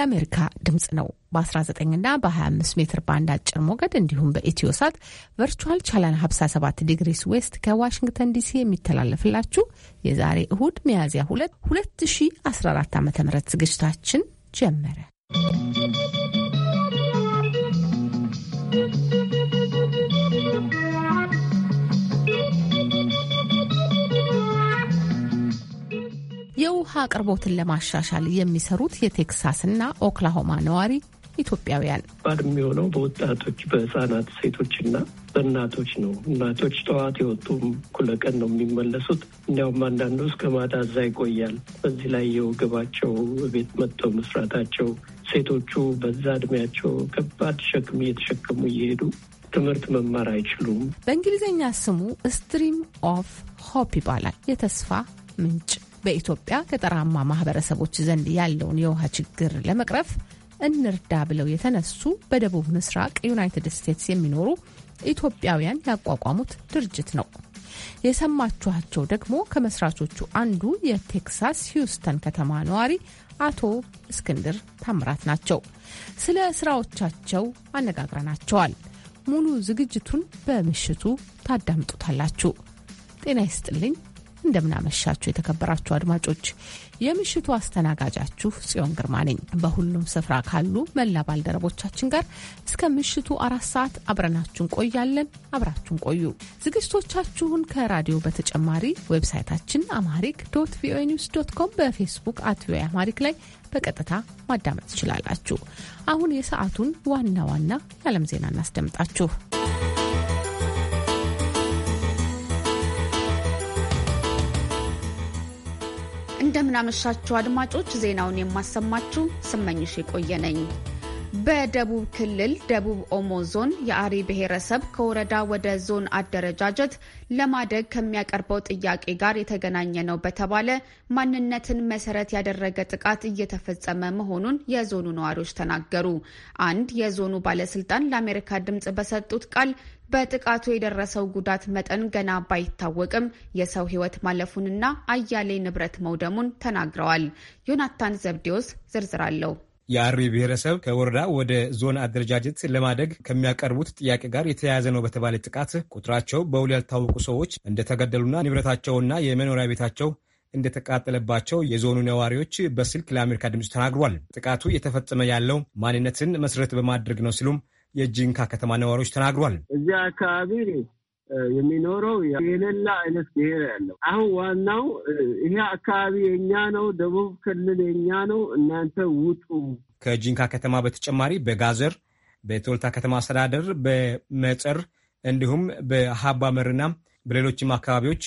የአሜሪካ ድምጽ ነው። በ19 እና በ25 ሜትር ባንድ አጭር ሞገድ እንዲሁም በኢትዮ ሳት ቨርቹዋል ቻላን 57 ዲግሪስ ዌስት ከዋሽንግተን ዲሲ የሚተላለፍላችሁ የዛሬ እሁድ ሚያዝያ 2 2014 ዓ ም ዝግጅታችን ጀመረ። የውሃ አቅርቦትን ለማሻሻል የሚሰሩት የቴክሳስና ኦክላሆማ ነዋሪ ኢትዮጵያውያን ባድም የሆነው በወጣቶች በህጻናት ሴቶችና በእናቶች ነው። እናቶች ጠዋት የወጡም ኩለቀን ነው የሚመለሱት። እንዲያውም አንዳንዱ እስከ ማታ እዛ ይቆያል። በዚህ ላይ የወገባቸው ቤት መጥተው መስራታቸው ሴቶቹ በዛ እድሜያቸው ከባድ ሸክም እየተሸከሙ እየሄዱ ትምህርት መማር አይችሉም። በእንግሊዝኛ ስሙ ስትሪም ኦፍ ሆፕ ይባላል። የተስፋ ምንጭ በኢትዮጵያ ገጠራማ ማህበረሰቦች ዘንድ ያለውን የውሃ ችግር ለመቅረፍ እንርዳ ብለው የተነሱ በደቡብ ምስራቅ ዩናይትድ ስቴትስ የሚኖሩ ኢትዮጵያውያን ያቋቋሙት ድርጅት ነው። የሰማችኋቸው ደግሞ ከመስራቾቹ አንዱ የቴክሳስ ሂውስተን ከተማ ነዋሪ አቶ እስክንድር ታምራት ናቸው። ስለ ስራዎቻቸው አነጋግረናቸዋል። ሙሉ ዝግጅቱን በምሽቱ ታዳምጡታላችሁ። ጤና ይስጥልኝ። እንደምናመሻችሁ የተከበራችሁ አድማጮች፣ የምሽቱ አስተናጋጃችሁ ጽዮን ግርማ ነኝ። በሁሉም ስፍራ ካሉ መላ ባልደረቦቻችን ጋር እስከ ምሽቱ አራት ሰዓት አብረናችሁ እንቆያለን። አብራችሁን ቆዩ። ዝግጅቶቻችሁን ከራዲዮ በተጨማሪ ዌብሳይታችን አማሪክ ዶት ቪኦኤ ኒውስ ዶት ኮም፣ በፌስቡክ አት ቪኦኤ አማሪክ ላይ በቀጥታ ማዳመጥ ትችላላችሁ። አሁን የሰዓቱን ዋና ዋና የዓለም ዜና እናስደምጣችሁ። እንደምናመሻችሁ አድማጮች፣ ዜናውን የማሰማችሁ ስመኝሽ የቆየ ነኝ። በደቡብ ክልል ደቡብ ኦሞ ዞን የአሪ ብሔረሰብ ከወረዳ ወደ ዞን አደረጃጀት ለማደግ ከሚያቀርበው ጥያቄ ጋር የተገናኘ ነው በተባለ ማንነትን መሰረት ያደረገ ጥቃት እየተፈጸመ መሆኑን የዞኑ ነዋሪዎች ተናገሩ። አንድ የዞኑ ባለስልጣን ለአሜሪካ ድምጽ በሰጡት ቃል በጥቃቱ የደረሰው ጉዳት መጠን ገና ባይታወቅም የሰው ሕይወት ማለፉንና አያሌ ንብረት መውደሙን ተናግረዋል። ዮናታን ዘብዴዎስ ዝርዝር አለው። የአሪ ብሔረሰብ ከወረዳ ወደ ዞን አደረጃጀት ለማደግ ከሚያቀርቡት ጥያቄ ጋር የተያያዘ ነው በተባለ ጥቃት ቁጥራቸው በውል ያልታወቁ ሰዎች እንደተገደሉና ንብረታቸውና የመኖሪያ ቤታቸው እንደተቃጠለባቸው የዞኑ ነዋሪዎች በስልክ ለአሜሪካ ድምፅ ተናግሯል። ጥቃቱ የተፈጸመ ያለው ማንነትን መሰረት በማድረግ ነው ሲሉም የጂንካ ከተማ ነዋሪዎች ተናግሯል። እዚያ አካባቢ የሚኖረው የሌላ አይነት ብሔር ያለው አሁን ዋናው ይሄ አካባቢ የኛ ነው፣ ደቡብ ክልል የኛ ነው፣ እናንተ ውጡ። ከጂንካ ከተማ በተጨማሪ በጋዘር በቶልታ ከተማ አስተዳደር በመጸር እንዲሁም በሀባ መርና በሌሎችም አካባቢዎች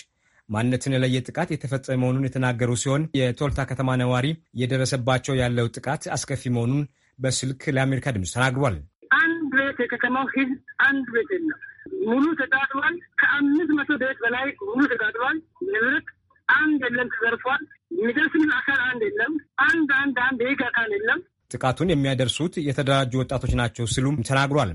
ማንነትን የለየ ጥቃት የተፈጸመ መሆኑን የተናገሩ ሲሆን የቶልታ ከተማ ነዋሪ እየደረሰባቸው ያለው ጥቃት አስከፊ መሆኑን በስልክ ለአሜሪካ ድምፅ ተናግሯል። አንድ ቤት የከተማው ህዝብ አንድ ቤት የለም ሙሉ ተጣጥሏል። ከአምስት መቶ ቤት በላይ ሙሉ ተጣጥሏል። ንብረት አንድ የለም ተዘርፏል። የሚደርስም አካል አንድ የለም። አንድ አንድ አንድ የህግ አካል የለም። ጥቃቱን የሚያደርሱት የተደራጁ ወጣቶች ናቸው ሲሉም ተናግሯል።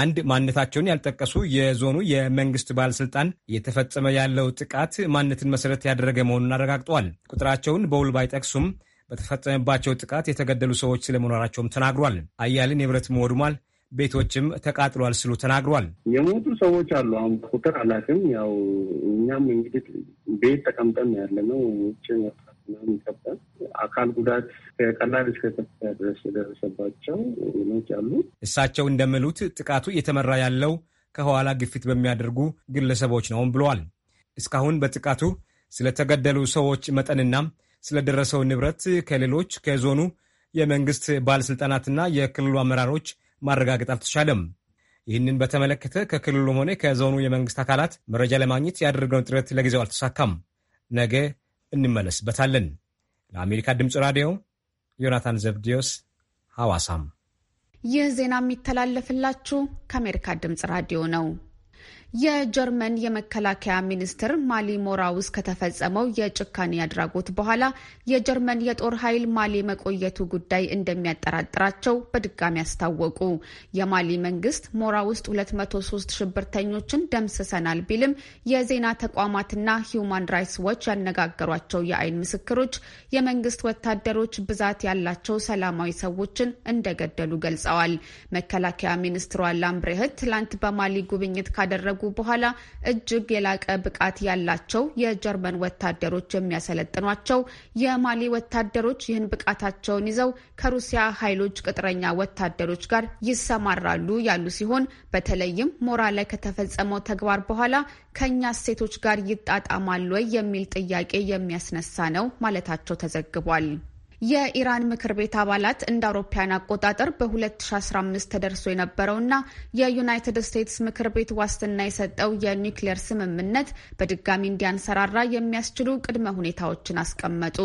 አንድ ማንነታቸውን ያልጠቀሱ የዞኑ የመንግስት ባለስልጣን እየተፈጸመ ያለው ጥቃት ማንነትን መሰረት ያደረገ መሆኑን አረጋግጠዋል። ቁጥራቸውን በውል ባይጠቅሱም በተፈጸመባቸው ጥቃት የተገደሉ ሰዎች ስለመኖራቸውም ተናግሯል። አያሌ ንብረት ወድሟል ቤቶችም ተቃጥሏል ሲሉ ተናግሯል። የሞቱ ሰዎች አሉ። አሁን ቁጥር አላውቅም። ያው እኛም እንግዲህ ቤት ተቀምጠን ያለ ነው። ውጭ መውጣት ምናምን ይከብዳል። አካል ጉዳት ከቀላል እስከ ከፍተኛ ድረስ የደረሰባቸው ኖች አሉ። እሳቸው እንደሚሉት ጥቃቱ እየተመራ ያለው ከኋላ ግፊት በሚያደርጉ ግለሰቦች ነውም ብለዋል። እስካሁን በጥቃቱ ስለተገደሉ ሰዎች መጠንና ስለደረሰው ንብረት ከሌሎች ከዞኑ የመንግስት ባለስልጣናትና የክልሉ አመራሮች ማረጋገጥ አልተቻለም። ይህንን በተመለከተ ከክልሉም ሆነ ከዞኑ የመንግስት አካላት መረጃ ለማግኘት ያደረግነው ጥረት ለጊዜው አልተሳካም። ነገ እንመለስበታለን። ለአሜሪካ ድምፅ ራዲዮ ዮናታን ዘብዲዮስ ሐዋሳም። ይህ ዜና የሚተላለፍላችሁ ከአሜሪካ ድምፅ ራዲዮ ነው። የጀርመን የመከላከያ ሚኒስትር ማሊ ሞራ ውስጥ ከተፈጸመው የጭካኔ አድራጎት በኋላ የጀርመን የጦር ኃይል ማሊ መቆየቱ ጉዳይ እንደሚያጠራጥራቸው በድጋሚ አስታወቁ። የማሊ መንግስት ሞራ ውስጥ 203 ሽብርተኞችን ደምስሰናል ቢልም የዜና ተቋማትና ሂውማን ራይትስ ዎች ያነጋገሯቸው የአይን ምስክሮች የመንግስት ወታደሮች ብዛት ያላቸው ሰላማዊ ሰዎችን እንደገደሉ ገልጸዋል። መከላከያ ሚኒስትሯ ላምብሬህት ትላንት በማሊ ጉብኝት ካደረጉ ካደረጉ በኋላ እጅግ የላቀ ብቃት ያላቸው የጀርመን ወታደሮች የሚያሰለጥኗቸው የማሊ ወታደሮች ይህን ብቃታቸውን ይዘው ከሩሲያ ኃይሎች ቅጥረኛ ወታደሮች ጋር ይሰማራሉ ያሉ ሲሆን በተለይም ሞራ ላይ ከተፈጸመው ተግባር በኋላ ከእኛ ሴቶች ጋር ይጣጣማል ወይ የሚል ጥያቄ የሚያስነሳ ነው ማለታቸው ተዘግቧል። የኢራን ምክር ቤት አባላት እንደ አውሮፓያን አቆጣጠር በ2015 ተደርሶ የነበረውና የዩናይትድ ስቴትስ ምክር ቤት ዋስትና የሰጠው የኒውክሌር ስምምነት በድጋሚ እንዲያንሰራራ የሚያስችሉ ቅድመ ሁኔታዎችን አስቀመጡ።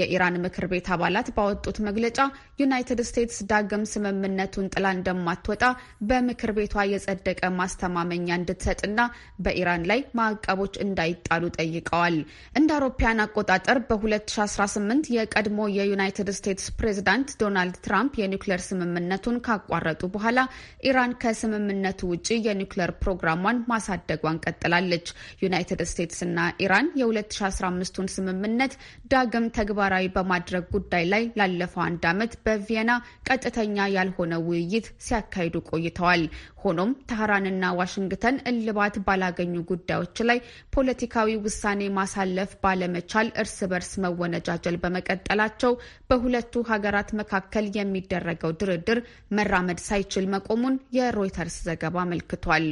የኢራን ምክር ቤት አባላት ባወጡት መግለጫ ዩናይትድ ስቴትስ ዳግም ስምምነቱን ጥላ እንደማትወጣ በምክር ቤቷ የጸደቀ ማስተማመኛ እንድትሰጥና በኢራን ላይ ማዕቀቦች እንዳይጣሉ ጠይቀዋል። እንደ አውሮፓያን አቆጣጠር በ2018 የቀድሞ የ የዩናይትድ ስቴትስ ፕሬዝዳንት ዶናልድ ትራምፕ የኒውክሌር ስምምነቱን ካቋረጡ በኋላ ኢራን ከስምምነቱ ውጭ የኒውክሌር ፕሮግራሟን ማሳደጓን ቀጥላለች። ዩናይትድ እና ኢራን የ2015ቱን ስምምነት ዳግም ተግባራዊ በማድረግ ጉዳይ ላይ ላለፈው አንድ ዓመት በቪየና ቀጥተኛ ያልሆነ ውይይት ሲያካሂዱ ቆይተዋል። ሆኖም ተህራንና ዋሽንግተን እልባት ባላገኙ ጉዳዮች ላይ ፖለቲካዊ ውሳኔ ማሳለፍ ባለመቻል እርስ በርስ መወነጃጀል በመቀጠላቸው በሁለቱ ሀገራት መካከል የሚደረገው ድርድር መራመድ ሳይችል መቆሙን የሮይተርስ ዘገባ አመልክቷል።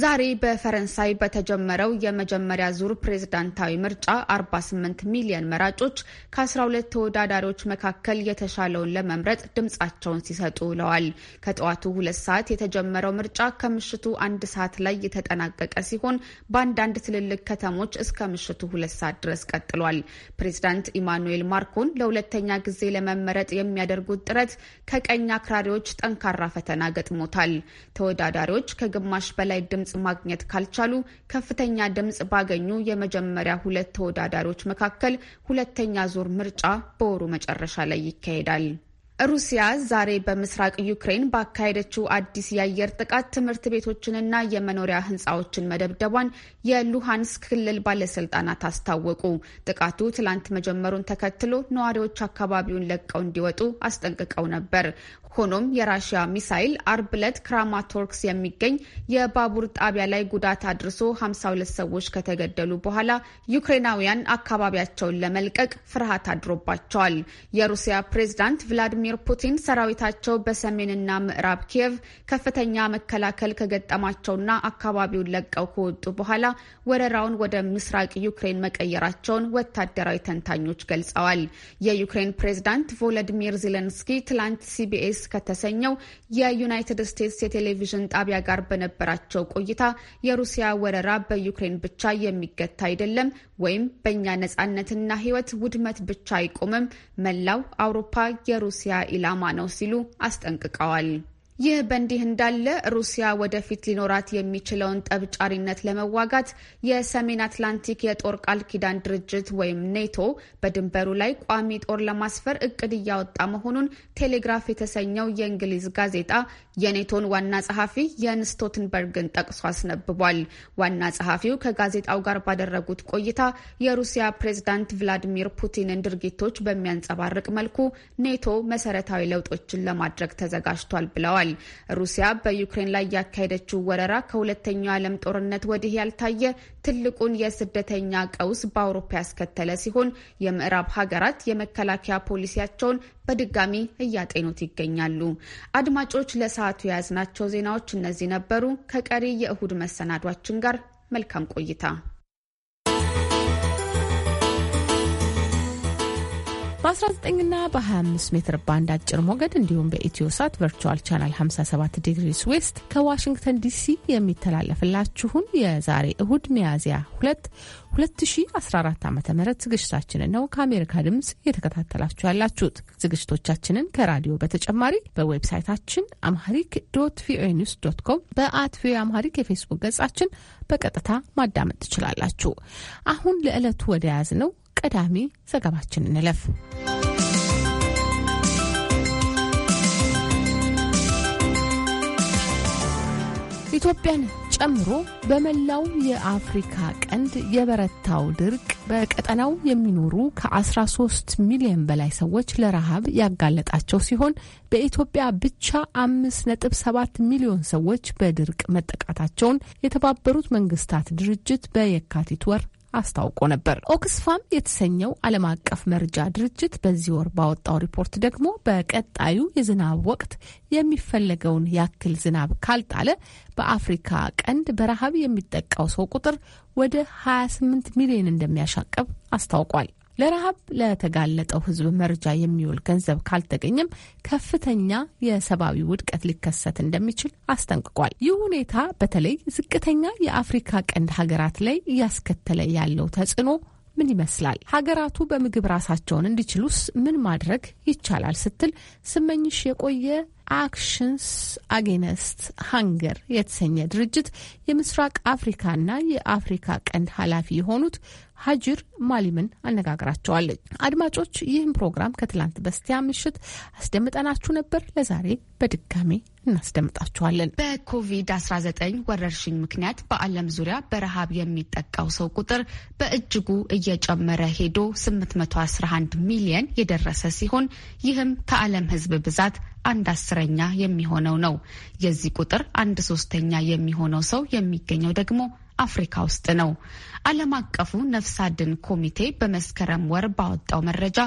ዛሬ በፈረንሳይ በተጀመረው የመጀመሪያ ዙር ፕሬዝዳንታዊ ምርጫ 48 ሚሊዮን መራጮች ከ12 ተወዳዳሪዎች መካከል የተሻለውን ለመምረጥ ድምፃቸውን ሲሰጡ ውለዋል። ከጠዋቱ ሁለት ሰዓት የተጀመረው ምርጫ ከምሽቱ አንድ ሰዓት ላይ የተጠናቀቀ ሲሆን በአንዳንድ ትልልቅ ከተሞች እስከ ምሽቱ ሁለት ሰዓት ድረስ ቀጥሏል። ፕሬዝዳንት ኢማኑኤል ማርኮን ለሁለተኛ ጊዜ ለመመረጥ የሚያደርጉት ጥረት ከቀኝ አክራሪዎች ጠንካራ ፈተና ገጥሞታል። ተወዳዳሪዎች ከግማሽ በላይ ድምፅ ማግኘት ካልቻሉ ከፍተኛ ድምፅ ባገኙ የመጀመሪያ ሁለት ተወዳዳሪዎች መካከል ሁለተኛ ዙር ምርጫ በወሩ መጨረሻ ላይ ይካሄዳል። ሩሲያ ዛሬ በምስራቅ ዩክሬን ባካሄደችው አዲስ የአየር ጥቃት ትምህርት ቤቶችንና የመኖሪያ ህንፃዎችን መደብደቧን የሉሃንስክ ክልል ባለስልጣናት አስታወቁ። ጥቃቱ ትላንት መጀመሩን ተከትሎ ነዋሪዎች አካባቢውን ለቀው እንዲወጡ አስጠንቅቀው ነበር። ሆኖም የራሽያ ሚሳይል አርብ ዕለት ክራማቶርክስ የሚገኝ የባቡር ጣቢያ ላይ ጉዳት አድርሶ 52 ሰዎች ከተገደሉ በኋላ ዩክሬናውያን አካባቢያቸውን ለመልቀቅ ፍርሃት አድሮባቸዋል። የሩሲያ ፕሬዝዳንት ቭላዲሚር ፑቲን ሰራዊታቸው በሰሜንና ምዕራብ ኪየቭ ከፍተኛ መከላከል ከገጠማቸውና አካባቢውን ለቀው ከወጡ በኋላ ወረራውን ወደ ምስራቅ ዩክሬን መቀየራቸውን ወታደራዊ ተንታኞች ገልጸዋል። የዩክሬን ፕሬዝዳንት ቮሎዲሚር ዜሌንስኪ ትላንት ሲቢኤስ ከተሰኘው የዩናይትድ ስቴትስ የቴሌቪዥን ጣቢያ ጋር በነበራቸው ቆይታ የሩሲያ ወረራ በዩክሬን ብቻ የሚገታ አይደለም ወይም በእኛ ነጻነትና ሕይወት ውድመት ብቻ አይቆምም፣ መላው አውሮፓ የሩሲያ ኢላማ ነው ሲሉ አስጠንቅቀዋል። ይህ በእንዲህ እንዳለ ሩሲያ ወደፊት ሊኖራት የሚችለውን ጠብጫሪነት ለመዋጋት የሰሜን አትላንቲክ የጦር ቃል ኪዳን ድርጅት ወይም ኔቶ በድንበሩ ላይ ቋሚ ጦር ለማስፈር እቅድ እያወጣ መሆኑን ቴሌግራፍ የተሰኘው የእንግሊዝ ጋዜጣ የኔቶን ዋና ጸሐፊ የንስ ስቶልተንበርግን ጠቅሶ አስነብቧል። ዋና ጸሐፊው ከጋዜጣው ጋር ባደረጉት ቆይታ የሩሲያ ፕሬዝዳንት ቭላዲሚር ፑቲንን ድርጊቶች በሚያንጸባርቅ መልኩ ኔቶ መሰረታዊ ለውጦችን ለማድረግ ተዘጋጅቷል ብለዋል። ገልጸዋል። ሩሲያ በዩክሬን ላይ ያካሄደችው ወረራ ከሁለተኛው ዓለም ጦርነት ወዲህ ያልታየ ትልቁን የስደተኛ ቀውስ በአውሮፓ ያስከተለ ሲሆን የምዕራብ ሀገራት የመከላከያ ፖሊሲያቸውን በድጋሚ እያጤኑት ይገኛሉ። አድማጮች ለሰዓቱ የያዝናቸው ዜናዎች እነዚህ ነበሩ። ከቀሪ የእሁድ መሰናዷችን ጋር መልካም ቆይታ በ19 ና በ25 ሜትር ባንድ አጭር ሞገድ እንዲሁም በኢትዮ ሳት ቨርቹዋል ቻናል 57 ዲግሪስ ዌስት ከዋሽንግተን ዲሲ የሚተላለፍላችሁን የዛሬ እሁድ ሚያዝያ 2 2014 ዓ ም ዝግጅታችንን ነው ከአሜሪካ ድምፅ እየተከታተላችሁ ያላችሁት። ዝግጅቶቻችንን ከራዲዮ በተጨማሪ በዌብሳይታችን አምሃሪክ ዶት ቪኦኤ ኒውስ ዶት ኮም በአት ቪኦኤ አምሃሪክ የፌስቡክ ገጻችን በቀጥታ ማዳመጥ ትችላላችሁ። አሁን ለዕለቱ ወደ ያዝ ነው ቀዳሚ ዘገባችን እንለፍ። ኢትዮጵያን ጨምሮ በመላው የአፍሪካ ቀንድ የበረታው ድርቅ በቀጠናው የሚኖሩ ከ13 ሚሊዮን በላይ ሰዎች ለረሃብ ያጋለጣቸው ሲሆን በኢትዮጵያ ብቻ 5.7 ሚሊዮን ሰዎች በድርቅ መጠቃታቸውን የተባበሩት መንግስታት ድርጅት በየካቲት ወር አስታውቆ ነበር። ኦክስፋም የተሰኘው ዓለም አቀፍ መርጃ ድርጅት በዚህ ወር ባወጣው ሪፖርት ደግሞ በቀጣዩ የዝናብ ወቅት የሚፈለገውን ያክል ዝናብ ካልጣለ በአፍሪካ ቀንድ በረሃብ የሚጠቃው ሰው ቁጥር ወደ 28 ሚሊዮን እንደሚያሻቀብ አስታውቋል። ለረሃብ ለተጋለጠው ህዝብ መርጃ የሚውል ገንዘብ ካልተገኘም ከፍተኛ የሰብአዊ ውድቀት ሊከሰት እንደሚችል አስጠንቅቋል። ይህ ሁኔታ በተለይ ዝቅተኛ የአፍሪካ ቀንድ ሀገራት ላይ እያስከተለ ያለው ተጽዕኖ ምን ይመስላል? ሀገራቱ በምግብ ራሳቸውን እንዲችሉስ ምን ማድረግ ይቻላል? ስትል ስመኝሽ የቆየ አክሽንስ አጌነስት ሃንገር የተሰኘ ድርጅት የምስራቅ አፍሪካና የአፍሪካ ቀንድ ኃላፊ የሆኑት ሀጅር ማሊምን አነጋግራቸዋለች። አድማጮች ይህን ፕሮግራም ከትላንት በስቲያ ምሽት አስደምጠናችሁ ነበር። ለዛሬ በድጋሚ እናስደምጣችኋለን። በኮቪድ-19 ወረርሽኝ ምክንያት በዓለም ዙሪያ በረሃብ የሚጠቃው ሰው ቁጥር በእጅጉ እየጨመረ ሄዶ 811 ሚሊየን የደረሰ ሲሆን ይህም ከዓለም ሕዝብ ብዛት አንድ አስረኛ የሚሆነው ነው። የዚህ ቁጥር አንድ ሶስተኛ የሚሆነው ሰው የሚገኘው ደግሞ አፍሪካ ውስጥ ነው። ዓለም አቀፉ ነፍስ አድን ኮሚቴ በመስከረም ወር ባወጣው መረጃ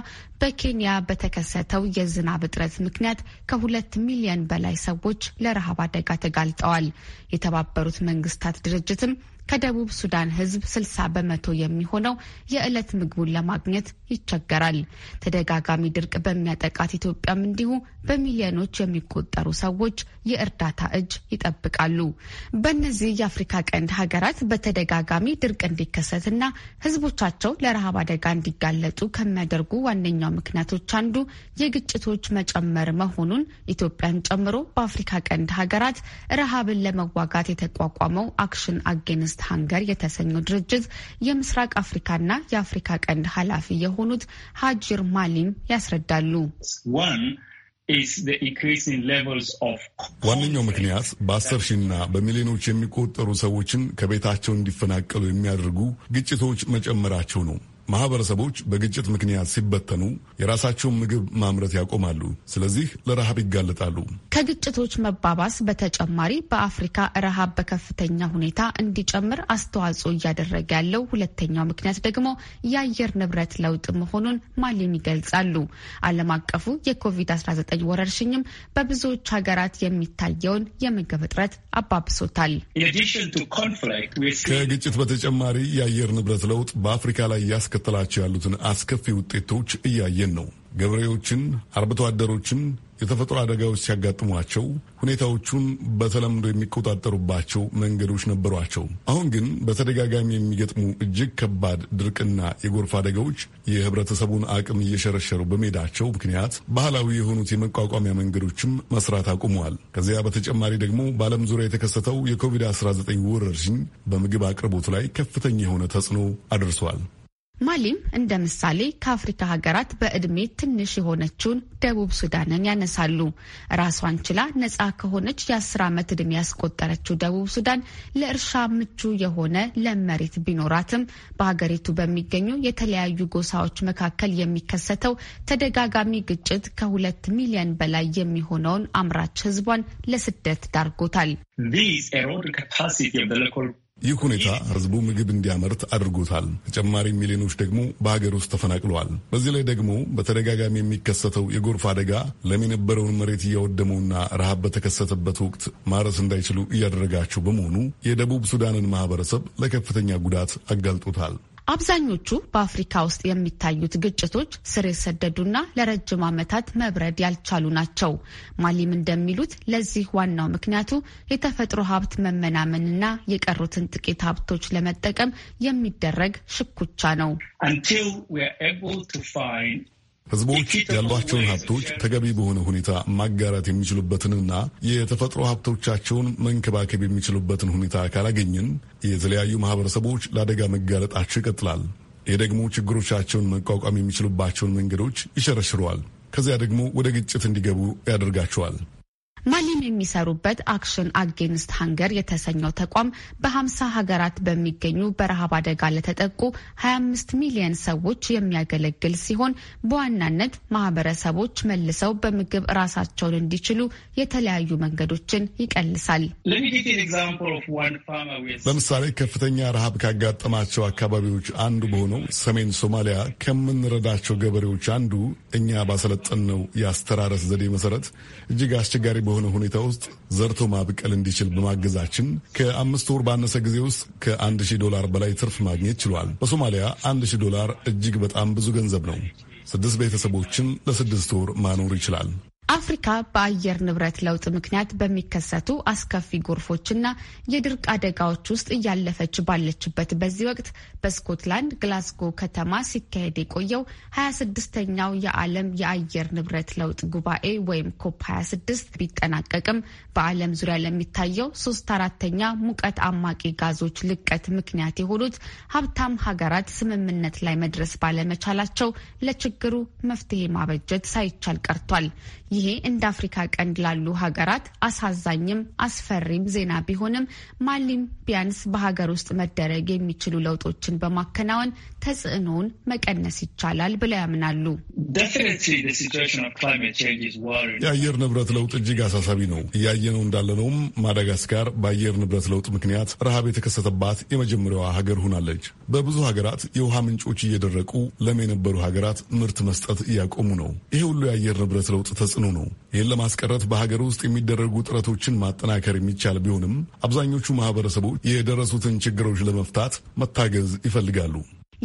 በኬንያ በተከሰተው የዝናብ እጥረት ምክንያት ከሁለት ሚሊዮን በላይ ሰዎች ለረሃብ አደጋ ተጋልጠዋል። የተባበሩት መንግስታት ድርጅትም ከደቡብ ሱዳን ሕዝብ 60 በመቶ የሚሆነው የዕለት ምግቡን ለማግኘት ይቸገራል። ተደጋጋሚ ድርቅ በሚያጠቃት ኢትዮጵያም እንዲሁ በሚሊዮኖች የሚቆጠሩ ሰዎች የእርዳታ እጅ ይጠብቃሉ። በእነዚህ የአፍሪካ ቀንድ ሀገራት በተደጋጋሚ ድርቅ እንዲከሰትና ሕዝቦቻቸው ለረሃብ አደጋ እንዲጋለጡ ከሚያደርጉ ዋነኛው ምክንያቶች አንዱ የግጭቶች መጨመር መሆኑን ኢትዮጵያን ጨምሮ በአፍሪካ ቀንድ ሀገራት ረሃብን ለመዋጋት የተቋቋመው አክሽን አጌንስ ኢስት ሃንገር የተሰኘው ድርጅት የምስራቅ አፍሪካና የአፍሪካ ቀንድ ኃላፊ የሆኑት ሀጅር ማሊም ያስረዳሉ። ዋነኛው ምክንያት በአስር ሺና በሚሊዮኖች የሚቆጠሩ ሰዎችን ከቤታቸው እንዲፈናቀሉ የሚያደርጉ ግጭቶች መጨመራቸው ነው። ማህበረሰቦች በግጭት ምክንያት ሲበተኑ የራሳቸውን ምግብ ማምረት ያቆማሉ። ስለዚህ ለረሃብ ይጋለጣሉ። ከግጭቶች መባባስ በተጨማሪ በአፍሪካ ረሃብ በከፍተኛ ሁኔታ እንዲጨምር አስተዋጽኦ እያደረገ ያለው ሁለተኛው ምክንያት ደግሞ የአየር ንብረት ለውጥ መሆኑን ማሊም ይገልጻሉ። ዓለም አቀፉ የኮቪድ-19 ወረርሽኝም በብዙዎች ሀገራት የሚታየውን የምግብ እጥረት አባብሶታል። ከግጭት በተጨማሪ የአየር ንብረት ለውጥ በአፍሪካ ላይ ያስከ እያስከተላቸው ያሉትን አስከፊ ውጤቶች እያየን ነው። ገበሬዎችን፣ አርብቶ አደሮችን የተፈጥሮ አደጋዎች ሲያጋጥሟቸው ሁኔታዎቹን በተለምዶ የሚቆጣጠሩባቸው መንገዶች ነበሯቸው። አሁን ግን በተደጋጋሚ የሚገጥሙ እጅግ ከባድ ድርቅና የጎርፍ አደጋዎች የህብረተሰቡን አቅም እየሸረሸሩ በመሄዳቸው ምክንያት ባህላዊ የሆኑት የመቋቋሚያ መንገዶችም መስራት አቁመዋል። ከዚያ በተጨማሪ ደግሞ በዓለም ዙሪያ የተከሰተው የኮቪድ-19 ወረርሽኝ በምግብ አቅርቦት ላይ ከፍተኛ የሆነ ተጽዕኖ አድርሷል። ማሊም እንደ ምሳሌ ከአፍሪካ ሀገራት በእድሜ ትንሽ የሆነችውን ደቡብ ሱዳንን ያነሳሉ። ራሷን ችላ ነጻ ከሆነች የአስር ዓመት እድሜ ያስቆጠረችው ደቡብ ሱዳን ለእርሻ ምቹ የሆነ ለም መሬት ቢኖራትም በሀገሪቱ በሚገኙ የተለያዩ ጎሳዎች መካከል የሚከሰተው ተደጋጋሚ ግጭት ከሁለት ሚሊዮን በላይ የሚሆነውን አምራች ሕዝቧን ለስደት ዳርጎታል። ይህ ሁኔታ ህዝቡ ምግብ እንዲያመርት አድርጎታል። ተጨማሪ ሚሊዮኖች ደግሞ በሀገር ውስጥ ተፈናቅለዋል። በዚህ ላይ ደግሞ በተደጋጋሚ የሚከሰተው የጎርፍ አደጋ ለም የነበረውን መሬት እያወደመውና ረሃብ በተከሰተበት ወቅት ማረስ እንዳይችሉ እያደረጋቸው በመሆኑ የደቡብ ሱዳንን ማህበረሰብ ለከፍተኛ ጉዳት አጋልጦታል። አብዛኞቹ በአፍሪካ ውስጥ የሚታዩት ግጭቶች ስር የሰደዱና ለረጅም ዓመታት መብረድ ያልቻሉ ናቸው። ማሊም እንደሚሉት ለዚህ ዋናው ምክንያቱ የተፈጥሮ ሀብት መመናመንና የቀሩትን ጥቂት ሀብቶች ለመጠቀም የሚደረግ ሽኩቻ ነው። ህዝቦች ያሏቸውን ሀብቶች ተገቢ በሆነ ሁኔታ ማጋራት የሚችሉበትንና የተፈጥሮ ሀብቶቻቸውን መንከባከብ የሚችሉበትን ሁኔታ ካላገኝን የተለያዩ ማህበረሰቦች ለአደጋ መጋለጣቸው ይቀጥላል። ይህ ደግሞ ችግሮቻቸውን መቋቋም የሚችሉባቸውን መንገዶች ይሸረሽረዋል። ከዚያ ደግሞ ወደ ግጭት እንዲገቡ ያደርጋቸዋል። ማሊም የሚሰሩበት አክሽን አጌንስት ሀንገር የተሰኘው ተቋም በሀምሳ ሀገራት በሚገኙ በረሃብ አደጋ ለተጠቁ 25 ሚሊየን ሰዎች የሚያገለግል ሲሆን በዋናነት ማህበረሰቦች መልሰው በምግብ ራሳቸውን እንዲችሉ የተለያዩ መንገዶችን ይቀልሳል። ለምሳሌ ከፍተኛ ረሃብ ካጋጠማቸው አካባቢዎች አንዱ በሆነው ሰሜን ሶማሊያ ከምንረዳቸው ገበሬዎች አንዱ እኛ ባሰለጠን ነው የአስተራረስ ዘዴ መሰረት እጅግ አስቸጋሪ በሆነ ሁኔታ ውስጥ ዘርቶ ማብቀል እንዲችል በማገዛችን ከአምስት ወር ባነሰ ጊዜ ውስጥ ከአንድ ሺህ ዶላር በላይ ትርፍ ማግኘት ችሏል። በሶማሊያ አንድ ሺህ ዶላር እጅግ በጣም ብዙ ገንዘብ ነው። ስድስት ቤተሰቦችን ለስድስት ወር ማኖር ይችላል። አፍሪካ በአየር ንብረት ለውጥ ምክንያት በሚከሰቱ አስከፊ ጎርፎችና የድርቅ አደጋዎች ውስጥ እያለፈች ባለችበት በዚህ ወቅት በስኮትላንድ ግላስጎ ከተማ ሲካሄድ የቆየው 26ኛው የዓለም የአየር ንብረት ለውጥ ጉባኤ ወይም ኮፕ 26 ቢጠናቀቅም በዓለም ዙሪያ ለሚታየው ሶስት አራተኛ ሙቀት አማቂ ጋዞች ልቀት ምክንያት የሆኑት ሀብታም ሀገራት ስምምነት ላይ መድረስ ባለመቻላቸው ለችግሩ መፍትሄ ማበጀት ሳይቻል ቀርቷል። ይሄ እንደ አፍሪካ ቀንድ ላሉ ሀገራት አሳዛኝም አስፈሪም ዜና ቢሆንም ማሊም ቢያንስ በሀገር ውስጥ መደረግ የሚችሉ ለውጦችን በማከናወን ተጽዕኖውን መቀነስ ይቻላል ብለው ያምናሉ። የአየር ንብረት ለውጥ እጅግ አሳሳቢ ነው። እያየነው እንዳለነውም ማዳጋስካር በአየር ንብረት ለውጥ ምክንያት ረሃብ የተከሰተባት የመጀመሪያዋ ሀገር ሆናለች። በብዙ ሀገራት የውሃ ምንጮች እየደረቁ ለም የነበሩ ሀገራት ምርት መስጠት እያቆሙ ነው። ይህ ሁሉ የአየር ንብረት ለውጥ ተጽዕኖ ነው። ይህን ለማስቀረት በሀገር ውስጥ የሚደረጉ ጥረቶችን ማጠናከር የሚቻል ቢሆንም አብዛኞቹ ማህበረሰቦች የደረሱትን ችግሮች ለመፍታት መታገዝ ይፈልጋሉ።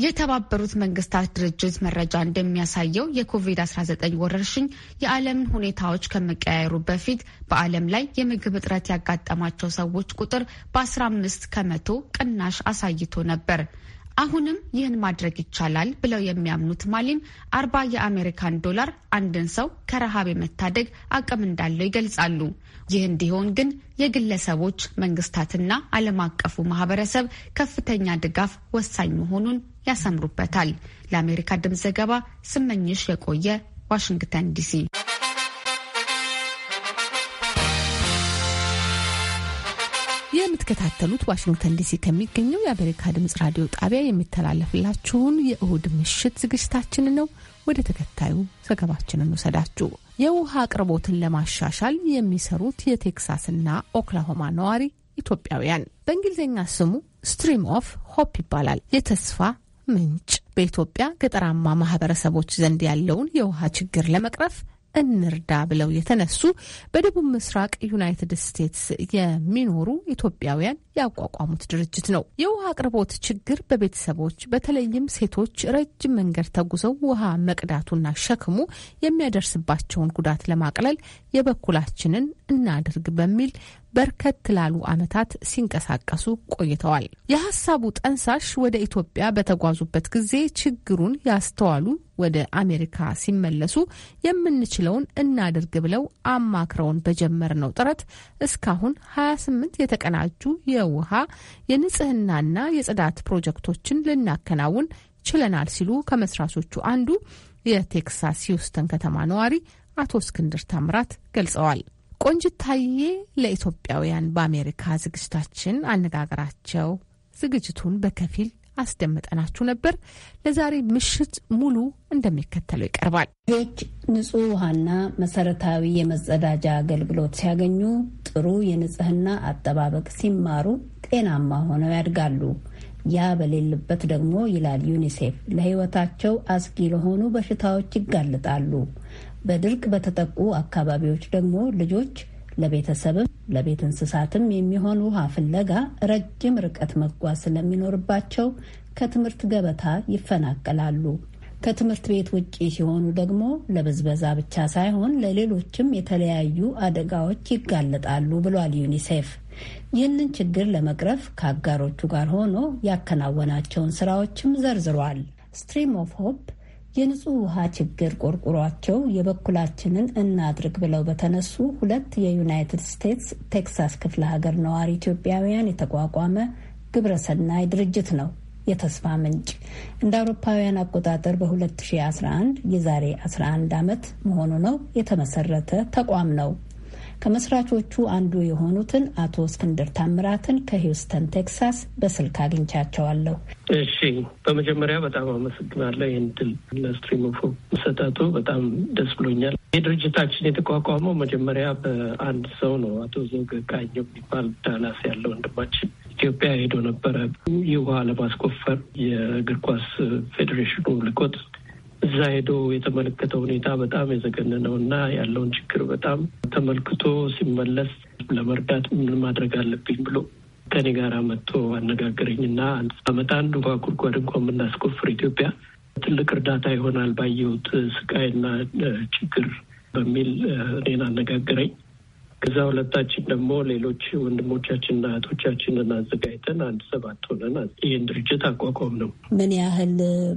የተባበሩት መንግስታት ድርጅት መረጃ እንደሚያሳየው የኮቪድ-19 ወረርሽኝ የዓለምን ሁኔታዎች ከመቀያየሩ በፊት በዓለም ላይ የምግብ እጥረት ያጋጠማቸው ሰዎች ቁጥር በ15 ከመቶ ቅናሽ አሳይቶ ነበር። አሁንም ይህን ማድረግ ይቻላል ብለው የሚያምኑት ማሊም አርባ የአሜሪካን ዶላር አንድን ሰው ከረሃብ የመታደግ አቅም እንዳለው ይገልጻሉ። ይህ እንዲሆን ግን የግለሰቦች መንግስታትና ዓለም አቀፉ ማህበረሰብ ከፍተኛ ድጋፍ ወሳኝ መሆኑን ያሰምሩበታል። ለአሜሪካ ድምፅ ዘገባ ስመኝሽ የቆየ ዋሽንግተን ዲሲ የምትከታተሉት ዋሽንግተን ዲሲ ከሚገኘው የአሜሪካ ድምጽ ራዲዮ ጣቢያ የሚተላለፍላችሁን የእሁድ ምሽት ዝግጅታችን ነው። ወደ ተከታዩ ዘገባችንን ውሰዳችሁ። የውሃ አቅርቦትን ለማሻሻል የሚሰሩት የቴክሳስና ኦክላሆማ ነዋሪ ኢትዮጵያውያን በእንግሊዝኛ ስሙ ስትሪም ኦፍ ሆፕ ይባላል። የተስፋ ምንጭ በኢትዮጵያ ገጠራማ ማህበረሰቦች ዘንድ ያለውን የውሃ ችግር ለመቅረፍ እንርዳ ብለው የተነሱ በደቡብ ምስራቅ ዩናይትድ ስቴትስ የሚኖሩ ኢትዮጵያውያን ያቋቋሙት ድርጅት ነው። የውሃ አቅርቦት ችግር በቤተሰቦች በተለይም ሴቶች ረጅም መንገድ ተጉዘው ውሃ መቅዳቱና ሸክሙ የሚያደርስባቸውን ጉዳት ለማቅለል የበኩላችንን እናድርግ በሚል በርከት ላሉ ዓመታት ሲንቀሳቀሱ ቆይተዋል። የሀሳቡ ጠንሳሽ ወደ ኢትዮጵያ በተጓዙበት ጊዜ ችግሩን ያስተዋሉ ወደ አሜሪካ ሲመለሱ የምንችለውን እናድርግ ብለው አማክረውን በጀመርነው ጥረት እስካሁን 28 የተቀናጁ የውሃ የንጽህናና የጽዳት ፕሮጀክቶችን ልናከናውን ችለናል ሲሉ ከመስራቾቹ አንዱ የቴክሳስ ሂውስተን ከተማ ነዋሪ አቶ እስክንድር ታምራት ገልጸዋል። ቆንጅታዬ ለኢትዮጵያውያን በአሜሪካ ዝግጅታችን አነጋገራቸው ዝግጅቱን በከፊል አስደምጠናችሁ ነበር። ለዛሬ ምሽት ሙሉ እንደሚከተለው ይቀርባል። ች ንጹህ ውሃና መሰረታዊ የመጸዳጃ አገልግሎት ሲያገኙ፣ ጥሩ የንጽህና አጠባበቅ ሲማሩ፣ ጤናማ ሆነው ያድጋሉ። ያ በሌለበት ደግሞ ይላል ዩኒሴፍ፣ ለሕይወታቸው አስጊ ለሆኑ በሽታዎች ይጋለጣሉ። በድርቅ በተጠቁ አካባቢዎች ደግሞ ልጆች ለቤተሰብም ለቤት እንስሳትም የሚሆን ውሃ ፍለጋ ረጅም ርቀት መጓዝ ስለሚኖርባቸው ከትምህርት ገበታ ይፈናቀላሉ። ከትምህርት ቤት ውጪ ሲሆኑ ደግሞ ለብዝበዛ ብቻ ሳይሆን ለሌሎችም የተለያዩ አደጋዎች ይጋለጣሉ ብሏል ዩኒሴፍ። ይህንን ችግር ለመቅረፍ ከአጋሮቹ ጋር ሆኖ ያከናወናቸውን ስራዎችም ዘርዝሯል። ስትሪም ኦፍ ሆፕ የንጹህ ውሃ ችግር ቆርቁሯቸው የበኩላችንን እናድርግ ብለው በተነሱ ሁለት የዩናይትድ ስቴትስ ቴክሳስ ክፍለ ሀገር ነዋሪ ኢትዮጵያውያን የተቋቋመ ግብረሰናይ ድርጅት ነው። የተስፋ ምንጭ እንደ አውሮፓውያን አቆጣጠር በ2011 የዛሬ 11 ዓመት መሆኑ ነው የተመሰረተ ተቋም ነው። ከመስራቾቹ አንዱ የሆኑትን አቶ እስክንድር ታምራትን ከሂውስተን ቴክሳስ በስልክ አግኝቻቸዋለሁ። እሺ፣ በመጀመሪያ በጣም አመሰግናለሁ ይህን ድል ለስትሪም መሰጠቱ በጣም ደስ ብሎኛል። ድርጅታችን የተቋቋመው መጀመሪያ በአንድ ሰው ነው። አቶ ዘውገቃኘው የሚባል ዳላስ ያለው ወንድማችን ኢትዮጵያ ሄዶ ነበረ ይህ ውሃ ለማስቆፈር የእግር ኳስ ፌዴሬሽኑ ልቆት እዛ ሄዶ የተመለከተ ሁኔታ በጣም የዘገነነው እና ያለውን ችግር በጣም ተመልክቶ ሲመለስ ለመርዳት ምን ማድረግ አለብኝ ብሎ ከኔ ጋር መጥቶ አነጋገረኝ እና አመት አንድ ውሃ ጉድጓድ እንኳ የምናስቆፍር ኢትዮጵያ ትልቅ እርዳታ ይሆናል ባየሁት ስቃይና ችግር በሚል እኔን አነጋገረኝ። ከዛ ሁለታችን ደግሞ ሌሎች ወንድሞቻችንና እህቶቻችንን አዘጋጅተን አንድ ሰባት ሆነን ይህን ድርጅት አቋቋም ነው። ምን ያህል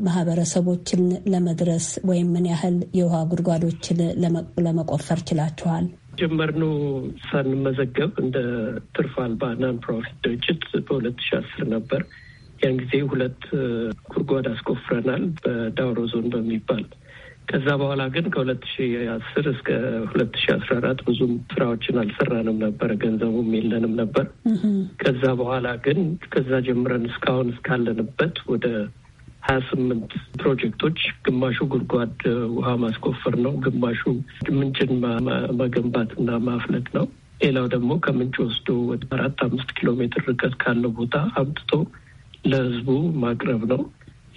ማህበረሰቦችን ለመድረስ ወይም ምን ያህል የውሃ ጉድጓዶችን ለመቆፈር ችላችኋል? ጀመርነው ሳንመዘገብ እንደ ትርፍ አልባ ናን ፕሮፊት ድርጅት በሁለት ሺ አስር ነበር። ያን ጊዜ ሁለት ጉድጓድ አስቆፍረናል በዳውሮ ዞን በሚባል ከዛ በኋላ ግን ከሁለት ሺ አስር እስከ ሁለት ሺ አስራ አራት ብዙም ስራዎችን አልሰራንም ነበር ገንዘቡም የለንም ነበር። ከዛ በኋላ ግን ከዛ ጀምረን እስካሁን እስካለንበት ወደ ሀያ ስምንት ፕሮጀክቶች ግማሹ ጉድጓድ ውሃ ማስቆፈር ነው፣ ግማሹ ምንጭን መገንባትና ማፍለቅ ነው። ሌላው ደግሞ ከምንጭ ወስዶ ወደ አራት አምስት ኪሎ ሜትር ርቀት ካለው ቦታ አምጥቶ ለህዝቡ ማቅረብ ነው።